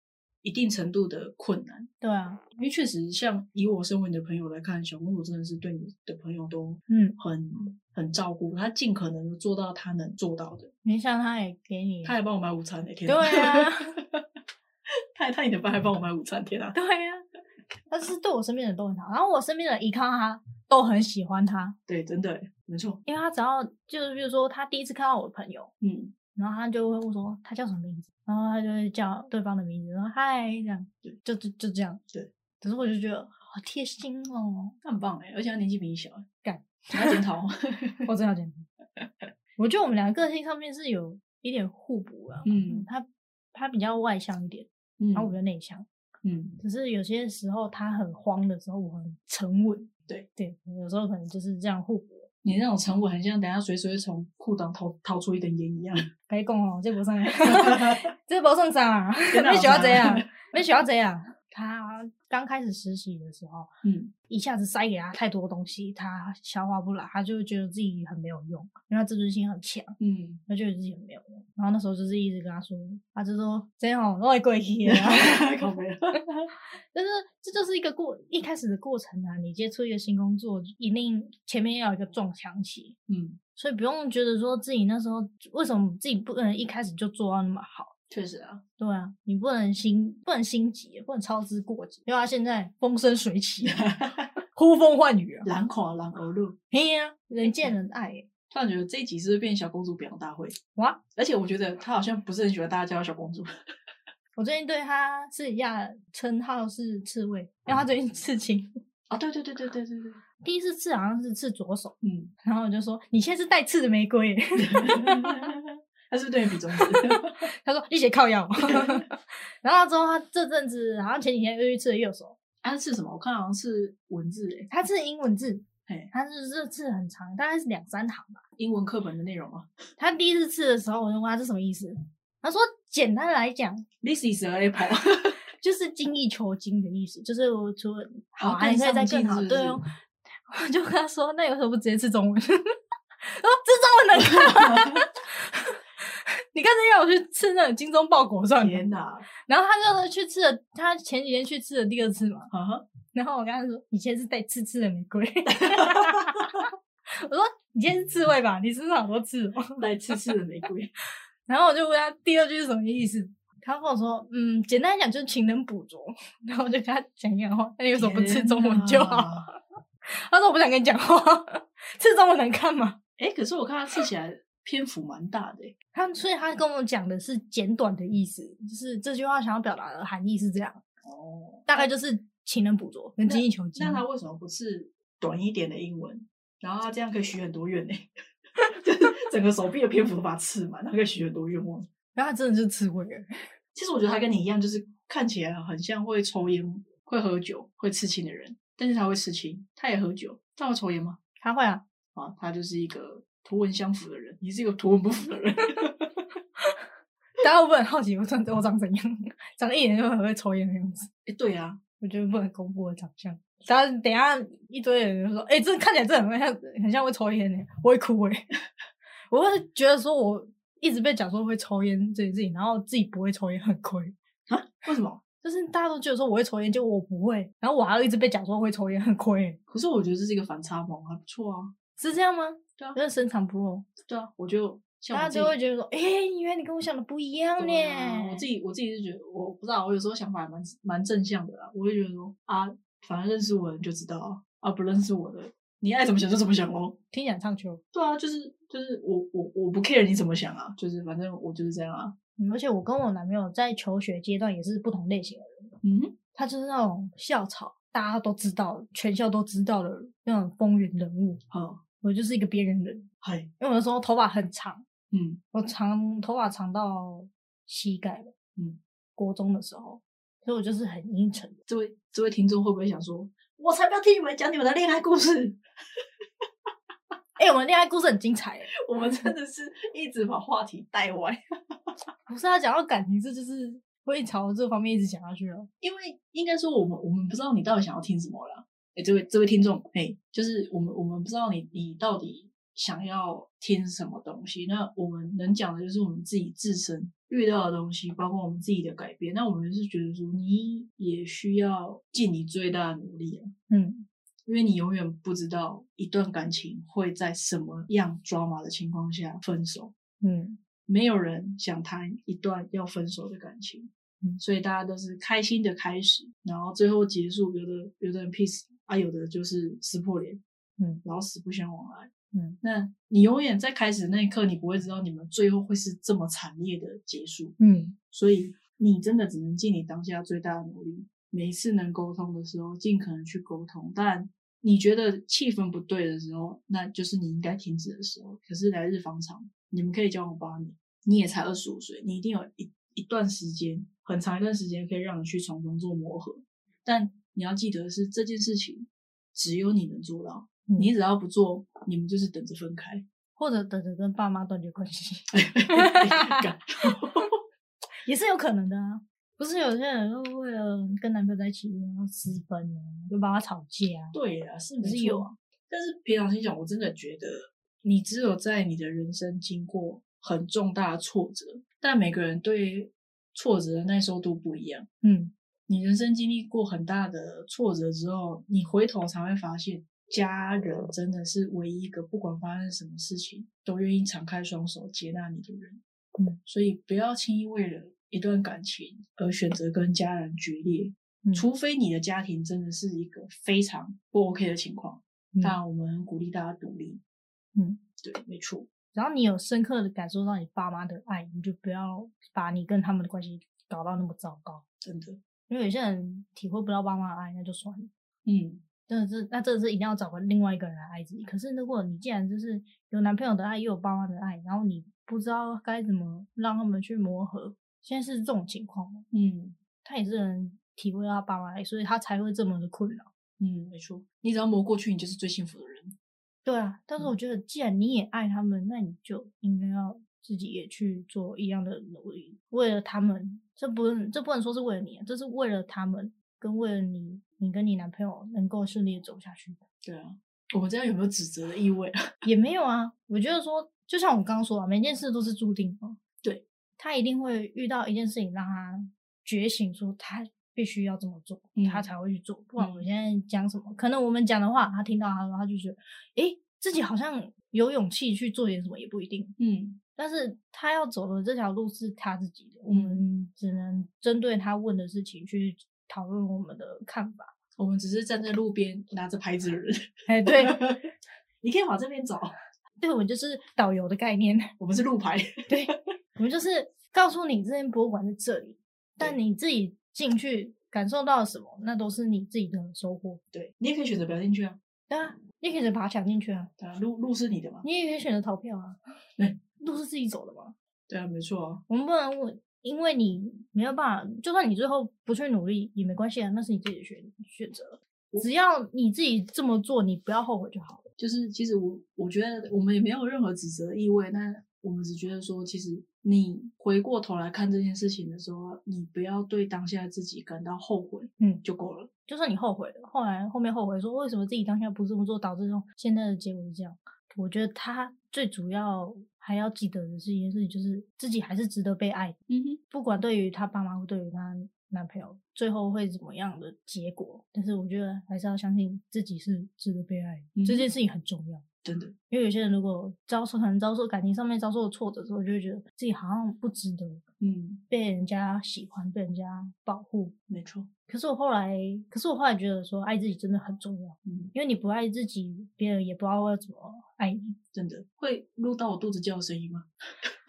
一定程度的困難，對啊，因為確實像以我身為你的朋友來看，小公主真的是對你的朋友都很嗯很很照顧，他盡可能做到他能做到的。你像他也給你，他也幫我買午餐、欸，那天、啊。對啊。 他他也得幫我買午餐，天啊。對啊，他是對我身邊的人都很好，然後我身邊的依靠他都很喜歡他。對，真的沒錯。因為他只要就是比如說他第一次看到我的朋友，嗯。然後他就會問說，他叫什麼名字，然後他就會叫對方的名字，然後嗨，這樣。對，就就就這樣。對，可是我就覺得好貼心哦。那很棒哎，而且他年紀比你小，幹他要檢討， 我真的要檢討。 我覺得我們兩個個性上面是有一點互補的、啊嗯。嗯，他他比較外向一點，嗯、然後我比較內向。嗯，只是有些時候他很慌的時候，我很沉穩。對對，有時候可能就是這樣互補。你那種沉穩，很像等下隨時會從褲襠掏掏出一根煙一樣。可以講哦，這不算， 這不算啥，啊，你就要這樣， 你就要這樣。他剛開始實習的時候，嗯，一下子塞給他太多東西，他消化不了，他就覺得自己很沒有用，因為他自尊心很強，嗯，他覺得自己很沒有用。然後那時候就是一直跟他說，他就說這樣我也跪去啊，搞沒了。但是這就是一個過一開始的過程啊，你接觸一個新工作，一定前面要有一個撞牆期，嗯，所以不用覺得說自己那時候為什麼自己不可能一開始就做到那麼好。確實啊，對啊，你不能心不能心急也，不能操之過急，因為他現在風生水起 呼風喚雨啊，狼口狼頭路，嘿呀， 人見人愛。突然覺得這一集是不是變小公主表揚大會？哇！而且我覺得他好像不是很喜歡大家叫他小公主。 我最近對他私底下稱號是刺蝟、嗯，因為他最近刺青。啊、哦，對對對對對對對，第一次刺好像是刺左手，嗯，然後我就說你現在是帶刺的玫瑰。 他是不是對你比中指， 他說你寫靠藥嗎？ 然後之後他這陣子好像前幾天又去刺了右手，他、啊、是什麼？我看好像是文字，他是英文字，他是這字很長，大概是兩三行吧。英文課本的內容啊。他第一次刺的時候，我就問他是什麼意思。 他說簡單來講，This is apple 就是精益求精的意思，就是我除了好,好是是，還可以再更好，對、哦、 我就跟他說，那有時候不直接刺中文？刺 中文能看嗎。 你剛才要我去吃那種精忠報國狀元的，然後他就去吃了，他前幾天去吃了第二次嘛。啊、然後我跟他說：“以前是帶刺刺的玫瑰。 ” 我說：“你今天是刺蝟吧？你身上好多刺哦，帶刺刺的玫瑰。 ”然後我就問他第二句是什麼意思，他跟我說：“嗯，簡單講就是勤能補拙。」然後我就跟他講一樣話，他有什麼不吃中文就好。他說：“我不想跟你講話，吃中文難看嗎？”哎，可是我看他吃起來。 篇幅蠻大的。欸，他所以他跟我講的是簡短的意思。嗯，就是這句話想要表達的含義是這樣。哦，大概就是勤能補拙跟精益求精那。那他為什麼不是短一點的英文？然後他這樣可以許很多願呢？欸？ 就是整個手臂的篇幅都把它刺滿，他可以許很多願望。 然後他真的是刺蝟。 其實我覺得他跟你一樣，就是看起來很像會抽煙、嗯、會喝酒、會刺青的人，但是他會刺青，他也喝酒，他會抽煙嗎？他會啊。啊，他就是一個。圖文相符的人，你是一個圖文不符的人。 大家會不會很好奇，我長我長怎樣？長得一眼就很會抽煙的樣子。誒、欸、對啊，我覺得不能公布我的長相。然後等一下一堆人就說：“哎、欸，這看起來這很像，很像會抽煙的。”我會哭誒，我會覺得說，我一直被講說會抽煙這件事情，然後自己不會抽煙很虧啊？為什麼？就是大家都覺得說我會抽煙，結果我不會，然後我還要一直被講說會抽煙，很虧。可是我覺得這是一個反差萌，還不錯啊。是這樣嗎？就是、啊、深藏不露。對啊，我就我大家就會覺得說，誒，因為你跟我想的不一樣呢、啊。我自己，我自己是覺得，我不知道，我有時候想法蠻蠻正向的啦。我會覺得說，啊，反正認識我的就知道，啊，不認識我的，你愛怎麼想就怎麼想哦。聽起來唱秋。對啊，就是就是我我我不 care 你怎麼想啊，就是反正我就是這樣啊。嗯、而且我跟我男朋友在求學階段也是不同類型的人。嗯，他就是那種校草，大家都知道，全校都知道的那種風雲人物。嗯。我就是一個別人人，因為我的時候頭髮很長，嗯，我長頭髮長到膝蓋了，嗯，國中的時候，所以我就是很陰沉。這位這位聽眾會不會想說， 我才不要聽你們講你們的戀愛故事？誒、 欸、我們的戀愛故事很精彩、欸，哎， 我們真的是一直把話題帶歪， 不是、啊？他講到感情，這就是會朝這方面一直講下去了、啊。因為應該說，我們我們不知道你到底想要聽什麼了。哎、欸，這位這位聽眾，哎、欸，就是我們我們不知道你你到底想要聽什麼東西，那我們能講的就是我們自己自身遇到的東西，包括我們自己的改變。那我們是覺得說你也需要盡你最大的努力、啊、嗯，因為你永遠不知道一段感情會在什麼樣抓馬的情況下分手，嗯，沒有人想談一段要分手的感情，嗯，所以大家都是開心的開始，然後最後結束有，有的有的人 peace。啊，有的就是撕破臉，嗯，老死不相往來，嗯。那你永遠在開始那一刻，你不會知道你們最後會是這麼慘烈的結束，嗯。所以你真的只能盡你當下最大的努力，每一次能溝通的時候，盡可能去溝通。但你覺得氣氛不對的時候，那就是你應該停止的時候。可是來日方長，你們可以交往八年，你也才二十五歲，你一定有一一段時間，很長一段時間可以讓你去從中做磨合，但。你要記得是這件事情，只有你能做到，嗯。你只要不做，你們就是等着分開，或者等着跟爸媽斷絕關係， 也是有可能的啊。不是有些人為了跟男朋友在一起，然後私奔了，跟爸媽吵架？啊？對啊，是不是有？啊？但是平常心想我真的覺得，你只有在你的人生經過很重大的挫折，但每個人對挫折的耐受度不一樣。嗯。你人生經歷過很大的挫折之後，你回頭才會發現，家人真的是唯一一個不管發生什麼事情都願意敞開雙手接納你的人。嗯，所以不要輕易為了一段感情而選擇跟家人決裂，嗯，除非你的家庭真的是一個非常不 OK 的情況。嗯，那我們鼓勵大家獨立。嗯，對，沒錯。然後你有深刻的感受到你爸媽的愛，你就不要把你跟他們的關係搞到那麼糟糕。真的。因為有些人體會不到爸媽的愛，那就算了。嗯，真的是，那真的是一定要找個另外一個人來愛自己。可是如果你既然就是有男朋友的愛，又有爸媽的愛，然後你不知道該怎麼讓他們去磨合，現在是這種情況，嗯，嗯，他也是能體會到爸媽愛，所以他才會這麼的困擾。嗯，沒錯。你只要磨過去，你就是最幸福的人。嗯、對啊，但是我覺得，既然你也愛他們，那你就應該要。自己也去做一樣的努力，為了他們，這不這不能說是為了你，這是為了他們，跟為了你，你跟你男朋友能夠順利走下去的。對啊，我們這樣有沒有指責的意味啊、嗯？也沒有啊，我覺得說，就像我剛剛說啊，每件事都是注定的，對，他一定會遇到一件事情讓他覺醒，說他必須要這麼做，他才會去做。嗯、不管我們現在講什麼、嗯，可能我們講的話，他聽到他說，他就覺得，哎，自己好像。有勇氣去做點什麼也不一定，嗯，但是他要走的這條路是他自己的，嗯、我們只能針對他問的事情去討論我們的看法、嗯。我們只是站在路邊拿着牌子的人，哎，對， 你可以往這邊走。對我們就是導遊的概念，我們是路牌，對，對我們就是告訴你這間博物館在這裡，但你自己進去感受到了什麼，那都是你自己的收穫。對你也可以選擇不要進去啊。對啊，你可以把它搶進去啊。對啊，路路是你的嘛。你也可以選擇逃票啊。對，路是自己走的嘛。對啊，沒錯啊。我們不能問，因為你沒有辦法，就算你最後不去努力也沒關係啊，那是你自己的選選擇。只要你自己這麼做，你不要後悔就好了。就是其實我我覺得我們也沒有任何指責意味，但我們只覺得說其實。你回過頭來看這件事情的時候，你不要對當下自己感到後悔，嗯，就夠了。就算你後悔了，後來後面後悔說為什麼自己當下不這麼做，導致這種現在的結果是這樣。我覺得他最主要還要記得的是一件事情，就是自己還是值得被愛，嗯哼。不管對於他爸媽或對於他男朋友最後會怎麼樣的結果，但是我覺得還是要相信自己是值得被愛的，嗯，這件事情很重要。真的，因為有些人如果遭受、可能遭受感情上面遭受的挫折之後，就會覺得自己好像不值得，嗯，被人家喜歡、被人家保護，沒錯。可是我後來，可是我後來覺得說，愛自己真的很重要，嗯，因為你不愛自己，別人也不知道要怎麼愛你。真的，會錄到我肚子叫的聲音嗎？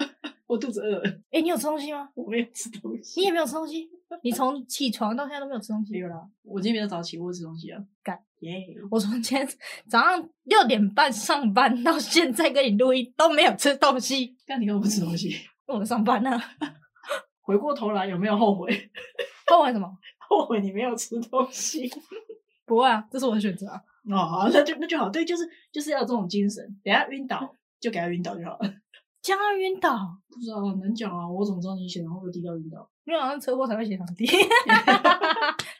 我肚子餓了。哎、欸，你有吃東西嗎？我沒有吃東西。你也沒有吃東西？ 你從起床到現在都沒有吃東西？沒有啦，我今天比較早起，我會吃東西啊。幹耶！Yeah. 我從今天早上六點半上班到現在跟你錄音都沒有吃東西。那你又不吃東西？ 跟我上班啊。回過頭來有沒有後悔？後悔什麼？後悔你沒有吃東西？不會啊，這是我的選擇啊、哦。那就那就好，對，就是就是要這種精神。等下暈倒 就給他暈倒就好了。講到暈倒，不知道能講啊？我怎麼知道你血糖會不會低到暈倒？因為好像車禍才會血糖低，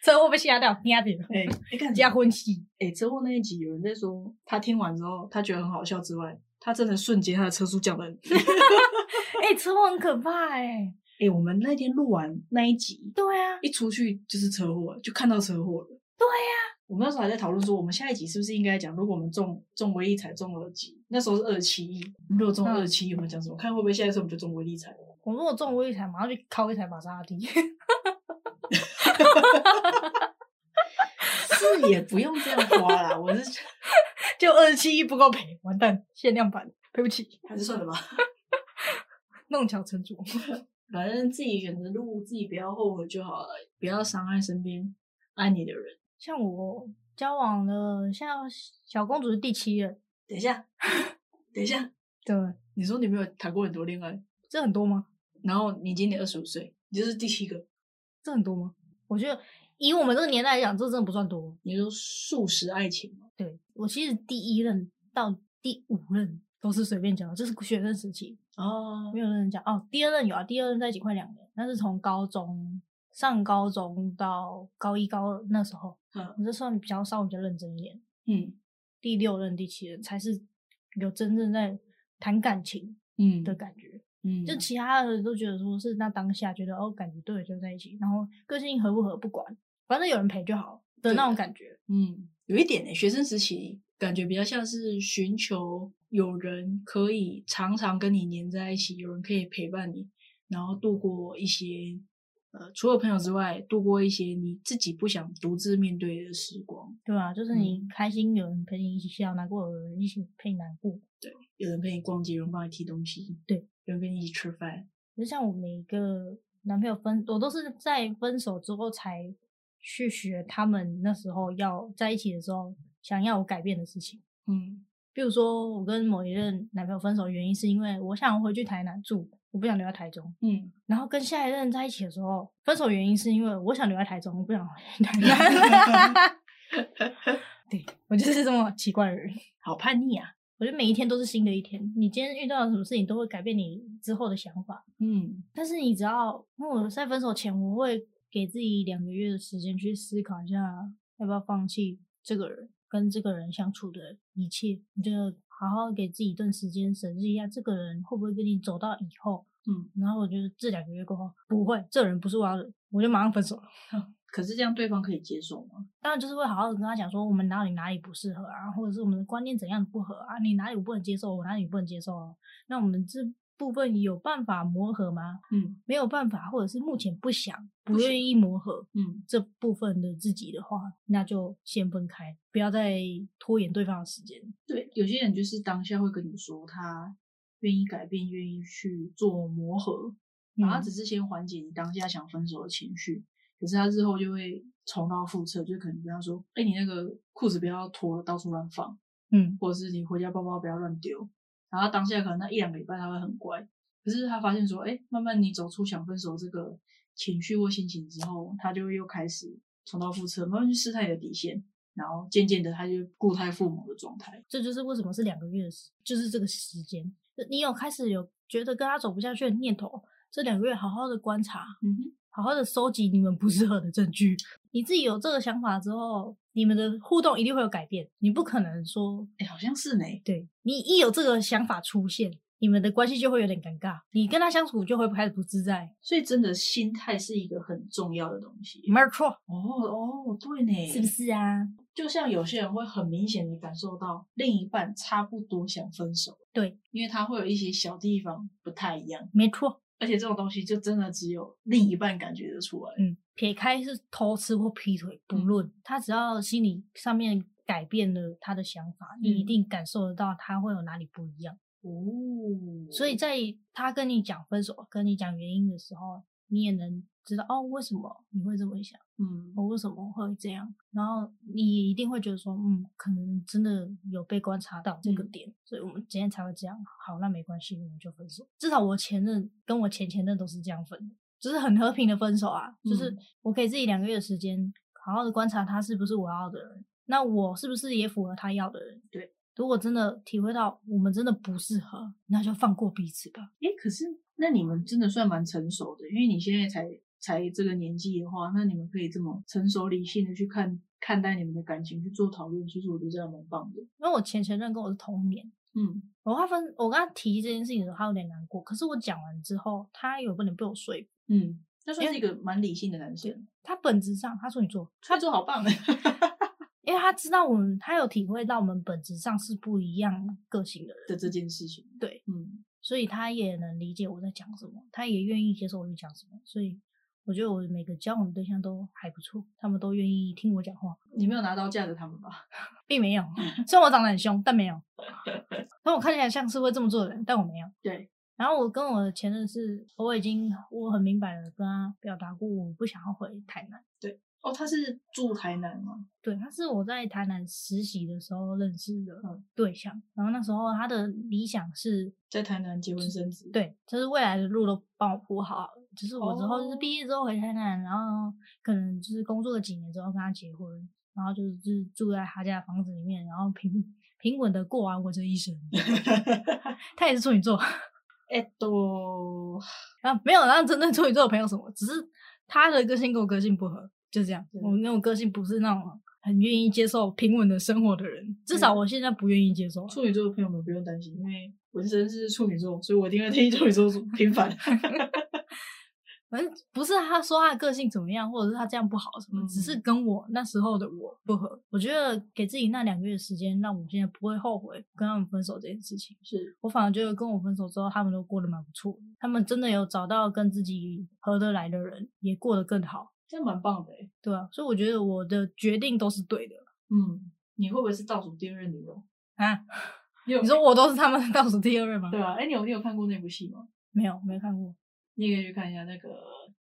車禍被嚇到，嚇了。哎，你看人家分析，哎，車禍那一集有人在說，他聽完之後他覺得很好笑之外，他真的瞬間他的車速降了。哎、 欸，車禍很可怕、欸，哎、欸、哎，我們那天錄完那一集，對啊，一出去就是車禍，就看到車禍了。對呀、啊，我們那時候還在討論說，我們下一集是不是應該講，如果我們中中威力彩中了幾，那時候是二十七億，如果中二十七億，我們講什麼？看會不會現在說我們就中威力彩。我如果中威力彩，馬上去開一台瑪莎拉蒂。哈哈哈哈哈！也不用這樣花啦，我是 就二十七億不夠賠，完蛋，限量版賠不起，還是算了吧。 弄巧成拙， 反正自己選擇路，自己不要後悔就好了，不要傷害身邊愛你的人。像我交往了，像小公主是第七任。等一下，等一下，對，你說你沒有談過很多戀愛，這很多嗎？然後你今年二十五歲，你就是第七個，這很多嗎？我覺得以我們這個年代來講，這真的不算多。你說速食愛情嗎？對，我其實第一任到第五任都是隨便講的，這、就是學生時期哦、啊，沒有認真講哦。第二任有啊，第二任在一起快兩年，但是從高中上高中到高一高二那時候。嗯、你這算比較稍微比較認真一點，嗯，第六任第七任才是有真正在談感情，嗯的感覺嗯，嗯，就其他的都覺得說是那當下覺得哦感覺對就在一起，然後個性合不合不管，反正有人陪就好的那種感覺，嗯，有一點呢、欸，學生時期感覺比較像是尋求有人可以常常跟你黏在一起，有人可以陪伴你，然後度過一些。呃，除了朋友之外，度過一些你自己不想獨自面對的時光。對啊，就是你開心有人陪你一起笑，嗯、難過有人一起陪你難過。對，有人陪你逛街，有人幫你提東西。對，有人陪你一起吃飯。就是、像我每一個男朋友分，我都是在分手之後才去學他們那時候要在一起的時候想要我改變的事情。嗯，比如說我跟某一任男朋友分手，原因是因為我想回去台南住。我不想留在台中。嗯，然後跟下一任在一起的時候，分手原因是因為我想留在台中，我不想回台南。哈哈哈！對，我就是這麼奇怪的人，好叛逆啊！我覺得每一天都是新的一天。你今天遇到了什麼事情，都會改變你之後的想法。嗯，但是你只要，我在分手前，我會給自己兩個月的時間去思考一下，要不要放棄這個人，跟這個人相處的一切，你就好好給自己一段時間審視一下，這個人會不會跟你走到以後？嗯，然後我覺得這兩個月過後不會，這人不是我要的，我就馬上分手了。哼，可是這樣對方可以接受嗎？當然，就是會好好跟他講說我們哪裡哪裡不適合啊，或者是我們的觀念怎樣不合啊，你哪裡我不能接受，我哪裡不能接受哦、啊，那我們這。部分有辦法磨合嗎？嗯，沒有辦法，或者是目前不想，不想，不願意磨合。嗯，這部分的自己的話，那就先分開，不要再拖延對方的時間。對，有些人就是當下會跟你說他願意改變，願意去做磨合，嗯、然後他只是先緩解你當下想分手的情緒。可是他日後就會重蹈覆轍，就可能不要說：“哎，你那個褲子不要脫，到處亂放。”嗯，或者是你回家包包不要亂丟。然後當下可能那一兩個禮拜他會很乖，可是他發現說，哎，慢慢你走出想分手這個情緒或心情之後，他就又開始重蹈覆轍，慢慢去試探你的底線，然後漸漸的他就故態復萌的狀態。這就是為什麼是兩個月的時，就是這個時間，你有開始有覺得跟他走不下去的念頭，這兩個月好好的觀察，嗯哼。好好的收集你們不適合的證據。你自己有這個想法之後，你們的互動一定會有改變。你不可能說，哎、欸，好像是呢。對，你一有這個想法出現，你們的關係就會有點尷尬。你跟他相處就會開始不自在。所以真的，心態是一個很重要的東西。沒錯。哦哦，對呢，是不是啊？就像有些人會很明顯地感受到另一半差不多想分手。對，因為他會有一些小地方不太一樣。沒錯。而且這種東西就真的只有另一半感覺得出來。嗯，撇開是偷吃或劈腿不論，嗯，他只要心理上面改變了他的想法，嗯，你一定感受得到他會有哪裡不一樣。哦，所以在他跟你講分手，跟你講原因的時候，你也能知道哦，為什麼你會這麼想？嗯，我、哦、為什麼會這樣？然後你一定會覺得說，嗯，可能真的有被觀察到這個點，嗯、所以我們今天才會這樣。好，那沒關係，我們就分手。至少我前任跟我前前任都是這樣分的，就是很和平的分手啊。就是我給自己兩個月的時間，好好的觀察他是不是我要的人，那我是不是也符合他要的人？對。如果真的體會到我們真的不適合，那就放過彼此吧。誒、欸，可是。那你們真的算蠻成熟的，因為你現在才才這個年紀的話，那你們可以這麼成熟理性的去看看待你們的感情，去做討論，其實我覺得這樣蠻棒的。因為我前前任跟我是同年，嗯，我跟他分，我跟他提這件事情的時候，他有點難過，可是我講完之後，他有幫能被我睡，嗯，那算是一個蠻理性的男性。他本質上，他說你做，他做好棒的。 因為他知道我們，他有體會到我們本質上是不一樣個性的人的這件事情，對，嗯。所以他也能理解我在講什麼，他也願意接受我去講什麼。所以我覺得我每個交往的對象都還不錯，他們都願意聽我講話。你沒有拿刀架着他們吧？並沒有，雖然我長得很凶，但沒有。但我看起來像是會這麼做的人，但我沒有。對。然後我跟我的前任是，我已經我很明白的跟他表達過，我不想要回台南。對。哦，他是住台南嗎？對，他是我在台南實習的時候認識的對象。嗯、然後那時候他的理想是在台南結婚生子。對，就是未來的路都幫我鋪好，只、就是我之後就是畢業之後回台南、哦，然後可能就是工作了幾年之後跟他結婚，然後就是住、就是、住在他家的房子裡面，然後平平穩的過完我這一生。 他也是處女座、 欸，哎、啊，都啊沒有，然真正處女座的朋友什麼，只是他的個性跟我個性不合。就是、這樣，我那種個性不是那種很願意接受平穩的生活的人，至少我現在不願意接受、啊嗯。處女座的朋友們不用擔心，因為我本身是處女座，所以我一定會替處女座平反。反 正 不是他說他的個性怎麼樣，或者是他這樣不好什麼，嗯、只是跟我那時候的我不合。我覺得給自己那兩個月的時間，讓我現在不會後悔跟他們分手這件事情。是我反而覺得跟我分手之後，他們都過得蠻不錯，他們真的有找到跟自己合得來的人，也過得更好。真蠻棒的、欸、對啊，所以我覺得我的決定都是對的。嗯，你會不會是倒數第二任的？啊？你， 你說我都是他們的倒數第二任嗎？對啊，哎、欸，你有你有看過那部戲嗎？沒有，沒有看過。你也可以去看一下那個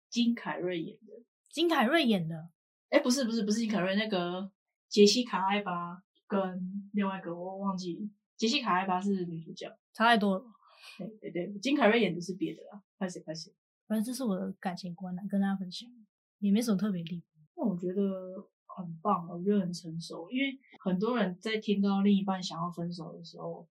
金凱瑞演的。金凱瑞演的？哎、欸，不是不是不是金凱瑞，那個傑西卡·艾巴跟另外一個我忘記。傑西卡·艾巴是女主角，差太多了。對對對，金凱瑞演的是別的了。開始開始。反正這是我的感情觀了，跟大家分享。也沒什麼特別地方，因為我覺得很棒，我覺得很成熟。因為很多人在聽到另一半想要分手的時候，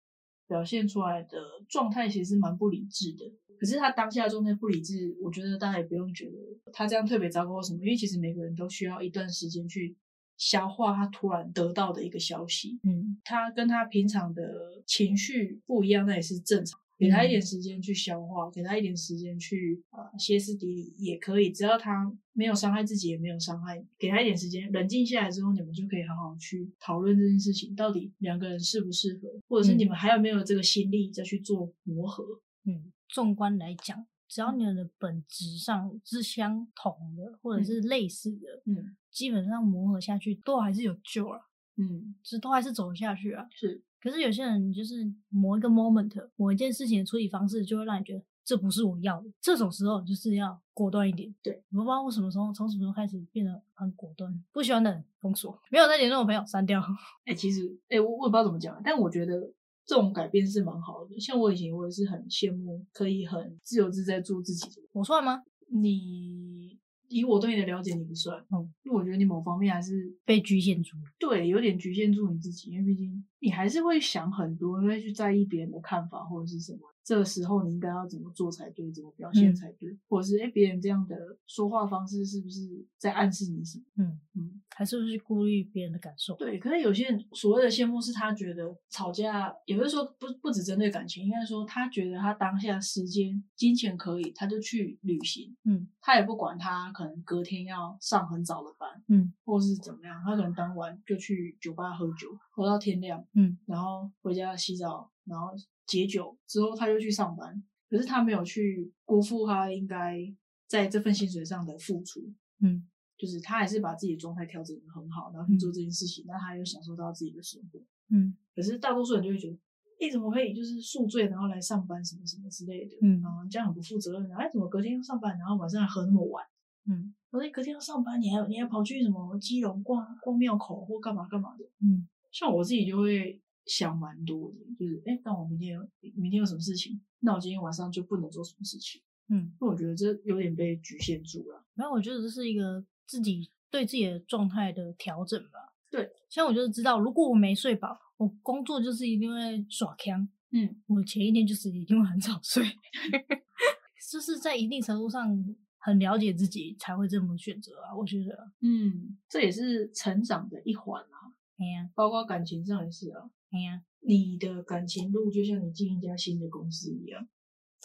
表現出來的狀態其實蠻不理智的。可是他當下的狀態不理智，我覺得大家也不用覺得他這樣特別糟糕什麼。因為其實每個人都需要一段時間去消化他突然得到的一個消息，嗯，他跟他平常的情緒不一樣，那也是正常。給他一點時間去消化，給他一點時間去啊、呃、歇斯底里也可以，只要他沒有傷害自己，也沒有傷害你，給他一點時間冷靜下來之後，你們就可以好好去討論這件事情，到底兩個人適不適合，或者是你們還有沒有這個心力再去做磨合。嗯，縱觀來講，只要你們的本質上是相同的，或者是類似的，嗯，嗯基本上磨合下去都還是有救了、啊，嗯，是都還是走下去啊。是。可是有些人就是某一個 moment，某一件事情的處理方式，就會讓你覺得這不是我要的。這種時候就是要果斷一點。對，我不知道我什麼時候，從什麼時候開始變得很果斷。不喜歡的人封鎖，沒有在聯絡的朋友刪掉。哎、欸，其實，哎、欸，我我也不知道怎麼講，但我覺得這種改變是蠻好的。像我以前，我也是很羨慕可以很自由自在做自己。我說了嗎？你。以我對你的了解，你不算。嗯，因為我覺得你某方面還是被局限住。對，有點局限住你自己，因為畢竟你還是會想很多，因為去在意別人的看法或者是什麼。這個時候你應該要怎麼做才對？怎麼表現才對？嗯、或者是誒，別人這樣的說話方式是不是在暗示你什麼？嗯嗯，還是不是去顧慮別人的感受？對，可是有些人所謂的羨慕，是他覺得吵架，也不是說不不只針對感情，應該說他覺得他當下時間、金錢可以，他就去旅行。嗯，他也不管他可能隔天要上很早的班。嗯，或是怎麼樣，他可能當晚就去酒吧喝酒，喝到天亮。嗯，然後回家洗澡，然後。解酒之後，他就去上班，可是他沒有去辜負他應該在這份薪水上的付出，嗯，就是他還是把自己的狀態調整得很好，然後去做這件事情，那、嗯、他又享受到自己的生活，嗯，可是大多數人就會覺得，哎、欸，怎麼可以就是宿醉然後來上班什麼什麼之類的，嗯，然後這樣很不負責任的，哎，怎麼隔天要上班，然後晚上還喝那麼晚，嗯，我說隔天要上班，你還你還跑去什麼基隆逛逛廟口或幹嘛幹嘛的，嗯，像我自己就會。想蠻多的，就是哎，那、欸、我明天有明天有什麼事情，那我今天晚上就不能做什麼事情，嗯，那我覺得這有點被局限住了。反正我覺得這是一個自己對自己的狀態的調整吧。對，像我就是知道，如果我沒睡飽，我工作就是一定會耍腔，嗯，我前一天就是一定會很早睡， 就是在一定程度上很了解自己才會這麼選擇啊。我覺得，嗯，這也是成長的一環啊，哎、嗯、呀，包括感情上也是啊。哎呀，你的感情路就像你進一家新的公司一樣，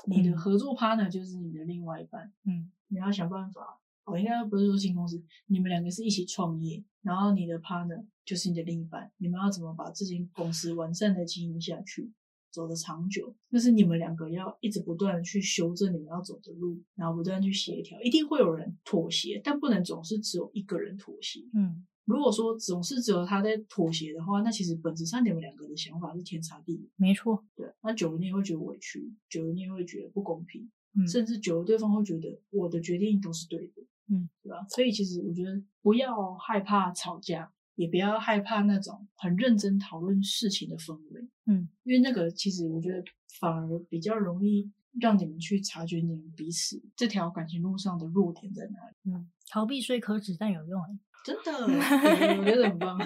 你的合作 partner 就是你的另外一半。嗯，你要想辦法。我、哦、應該不是說新公司，你們兩個是一起創業，然後你的 partner 就是你的另一半。你們要怎麼把自己公司完善的經營下去，走得長久，那是你們兩個要一直不斷的去修正你們要走的路，然後不斷去協調。一定會有人妥協，但不能總是只有一個人妥協。嗯。如果說總是只有他在妥協的話，那其實本質上你們兩個的想法是天差地別。沒錯，對。那久了你也會覺得委屈，久了你也會覺得不公平，嗯、甚至久了對方會覺得我的決定都是對的，嗯，對吧？所以其實我覺得不要害怕吵架，也不要害怕那種很認真討論事情的氛圍，嗯，因為那個其實我覺得反而比較容易。讓你們去察覺你們彼此這條感情路上的弱點在哪裡。嗯，逃避雖可恥，但有用，欸，真的，我覺得很棒。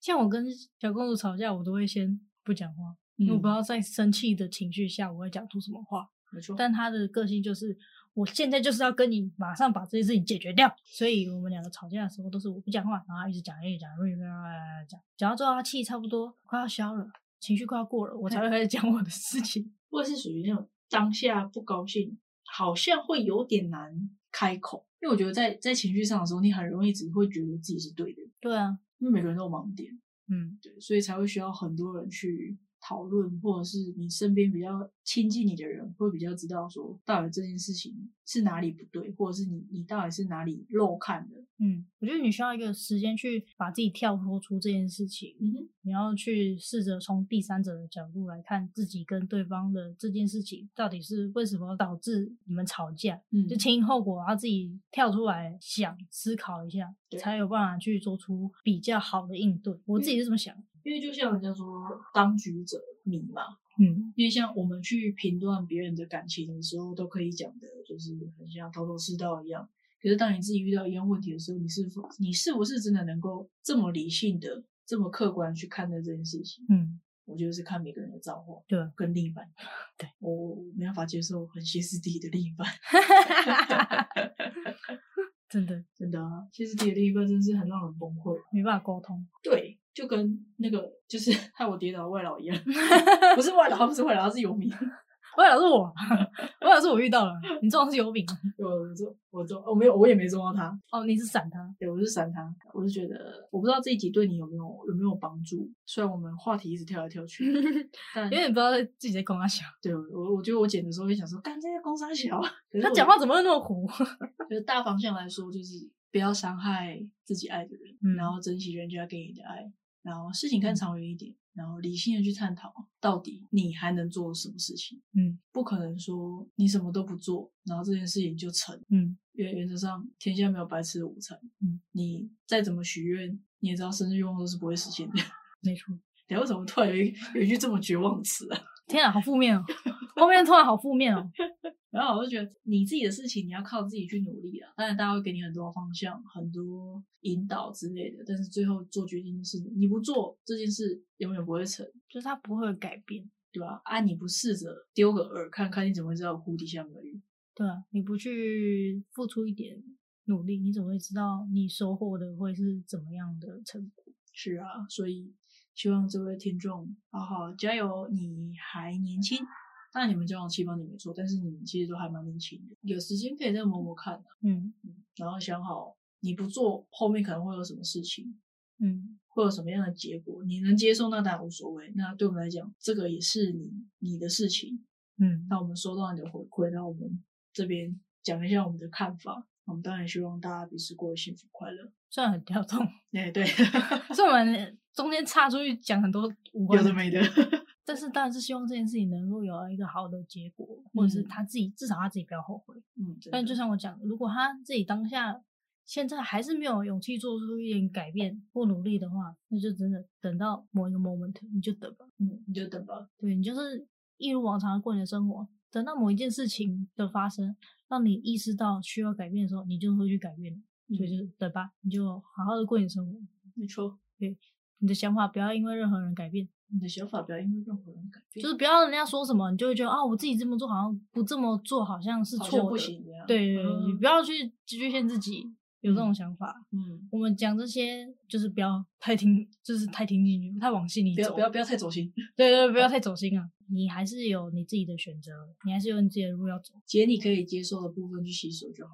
像我跟小公主吵架，我都會先不講話，嗯，我不知道在生氣的情緒下我會講出什麼話。沒錯，但她的個性就是，我現在就是要跟你馬上把這些事情解決掉。所以我們兩個吵架的時候，都是我不講話，然後她一直講， 一直講，一直講，一直講，來來來講，講到最後，她氣差不多快要消了，情緒快要過了，我才會開始講我的事情。 或者是屬於那種當下不高興，好像會有點難開口，因為我覺得在在情緒上的時候，你很容易只會覺得自己是對的。對啊，因為每個人都有盲點。嗯，對，所以才會需要很多人去討論，或者是你身邊比較親近你的人，會比較知道說到底這件事情是哪裡不對，或者是你你到底是哪裡漏看的。嗯，我覺得你需要一個時間去把自己跳脫出這件事情。嗯哼，你要去試着從第三者的角度來看自己跟對方的這件事情，到底是為什麼導致你們吵架？嗯，就前因後果，然後自己跳出來想思考一下，才有辦法去做出比較好的應對。我自己是這麼想的，因，因為就像人家說，當局者迷嘛。嗯，因為像我們去評斷別人的感情的時候，都可以講的，就是很像頭頭是道一樣。可是，當你自己遇到一樣問題的時候，你是否你是不是真的能夠這麼理性的、這麼客觀去看待這件事情？嗯，我覺得是看每個人的造化。對，跟另一半，對，對我沒辦法接受很歇斯底里的另一半。真的真的啊，歇斯底里的另一半真是很讓人崩潰，沒辦法溝通。對，就跟那個就是害我跌倒的外勞一樣 不是外勞，他不是外勞，他是遊民。我也是我，我也是我遇到了。你這種是油餅嗎？我撞，我撞，我沒有，我也沒撞到他。哦，你是閃他？對，我是閃他。我是覺得，我不知道這一集對你有沒有有沒有幫助。雖然我們話題一直跳來跳去， 有點不知道自己在供三小。對我，我覺得我剪的時候會想說，幹這些供三小，我他講話怎麼會那麼糊？就 是大方向來說，就是不要傷害自己愛的人，嗯、然後珍惜人家給你的愛，然後事情看長遠一點。嗯然後理性的去探討，到底你還能做什麼事情？嗯，不可能說你什麼都不做，然後這件事情就成。嗯，原原則上，天下沒有白吃的午餐。嗯，你再怎麼許願，你也知道生日願望都是不會實現的。沒錯， 聊什麼突然有一，有一句這麼絕望的詞啊？天啊，好負面哦！後面突然好負面哦。 然後我就覺得你自己的事情你要靠自己去努力啦。當然，大家會給你很多方向、很多引導之類的。但是最後做決定的事情，你不做這件事，永遠不會成，就是它不會改變，對吧、啊？啊，你不試着丟個餌看看，你怎麼會知道湖底下的魚？對啊，你不去付出一點努力，你怎麼會知道你收穫的會是怎麼樣的成果？是啊，所以。希望這位聽眾好好加油，你還年輕。那你們交往期八，你沒錯，但是你其實都還蠻年輕的，有時間可以再摸摸看。啊。嗯，然後想好，你不做後面可能會有什麼事情，嗯，會有什麼樣的結果，你能接受那當然無所謂。那對我們來講，這個也是你你的事情。嗯，那我們收到你的回饋，那我們這邊講一下我們的看法。我們當然希望大家彼此過得幸福快樂，雖然很調動。哎、yeah, 對，做 完。中間岔出去講很多無關的，有的沒的，但是當然是希望這件事情能夠有一個好的結果， 或者是他自己至少他自己不要後悔。嗯，嗯，但就像我講，如果他自己當下現在還是沒有勇氣做出一點改變，不努力的話，那就真的等到某一個 moment 你就等吧，嗯，你就等吧、吧。對你就是一如往常的過你的生活，等到某一件事情的發生，讓你意識到需要改變的時候，你就會去改變。所以就等吧，你就好好的過你的生活。沒錯，對。你的想法不要因為任何人改變，你的想法不要因為任何人改變，就是不要人家說什麼你就會覺得啊，我自己這麼做好像不這麼做好像是錯不行的。對對、嗯、你不要去侷限自己有這種想法。嗯，嗯我們講這些就是不要太聽，就是太聽進去，不太往心裡走，不要不要，不要太走心。對，對對，不要太走心啊，嗯、你還是有你自己的選擇，你還是有你自己的路要走，姐，你可以接受的部分去吸收就好。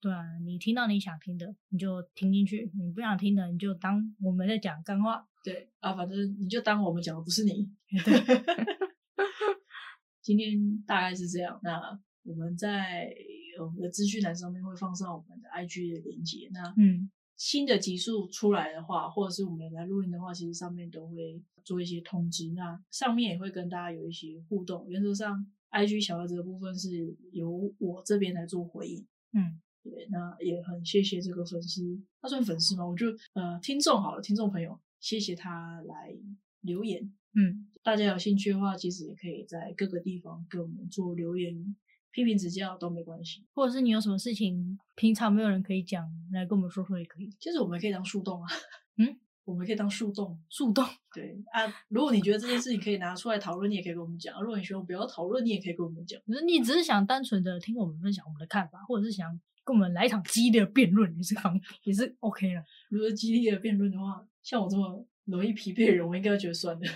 對啊，你聽到你想聽的，你就聽進去；你不想聽的，你就當我們在講幹話。對啊，反正你就當我們講的不是你。 今天大概是這樣。那我們在我們的資訊欄上面會放上我們的 IG 的連結。那嗯，新的集數出來的話，或者是我們來錄音的話，其實上面都會做一些通知。那上面也會跟大家有一些互動。原則上，IG 小孩子的部分是由我這邊來做回應。嗯。對，那也很謝謝這個粉絲，他、啊、算粉絲嗎？我就呃，聽眾好了，聽眾朋友，謝謝他來留言。嗯，大家有興趣的話，其實也可以在各個地方給我們做留言、批評、指教都沒關係。或者是你有什麼事情，平常沒有人可以講，來跟我們說說也可以。其、就、實、是、我們可以當樹洞啊，嗯， 我們可以當樹洞。樹洞，對啊。如果你覺得這件事情可以拿出來討論，你也可以跟我們講。啊、如果你覺得不要討論，你也可以跟我們講。可是你只是想單純的聽我們分享我們的看法，或者是想。跟我們來一場激烈的辯論也是剛也是 OK 啦。如果激烈的辯論的話，像我這麼容易疲憊的人，我應該會覺得酸的。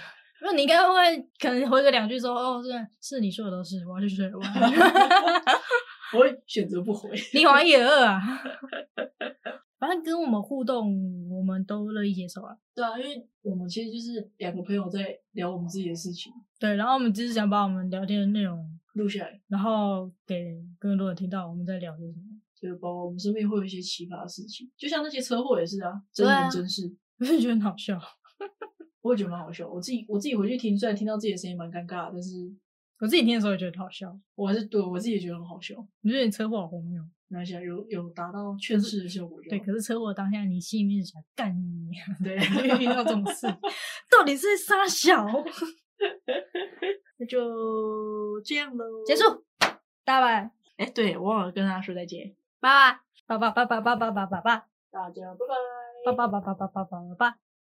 那你應該會可能回個兩句說：“哦，是是，你說的都是。我”我要去睡了。 我會選擇不回，你玩也餓啊。 反正跟我們互動，我們都樂意接受啊。對啊，因為我們其實就是兩個朋友在聊我們自己的事情。對，然後我們只是想把我們聊天的內容錄下來，然後給更多人聽到我們在聊些什麼。覺得包括我們身邊會有一些奇葩的事情，就像那些車禍也是啊，真人、啊、真事，我也覺得很好笑， 我也覺得蠻好笑。我自己我自己回去聽，雖然聽到自己的聲音蠻尷尬的，但是我自己聽的時候也覺得很好笑。我還是對我自己也覺得很好笑。你 覺得你車禍好荒謬？那現在有有達到勸世的效果？ 對，可是車禍當下，你心裡面想幹你、啊？對，遇到這種事， 到底是傻小？ 那就這樣嘍，結束，拜拜。哎、欸，對，我忘了跟大家說再見。拜拜拜拜拜拜拜拜拜拜，拜大家拜拜，拜拜拜拜拜拜拜拜。拜拜拜拜拜拜。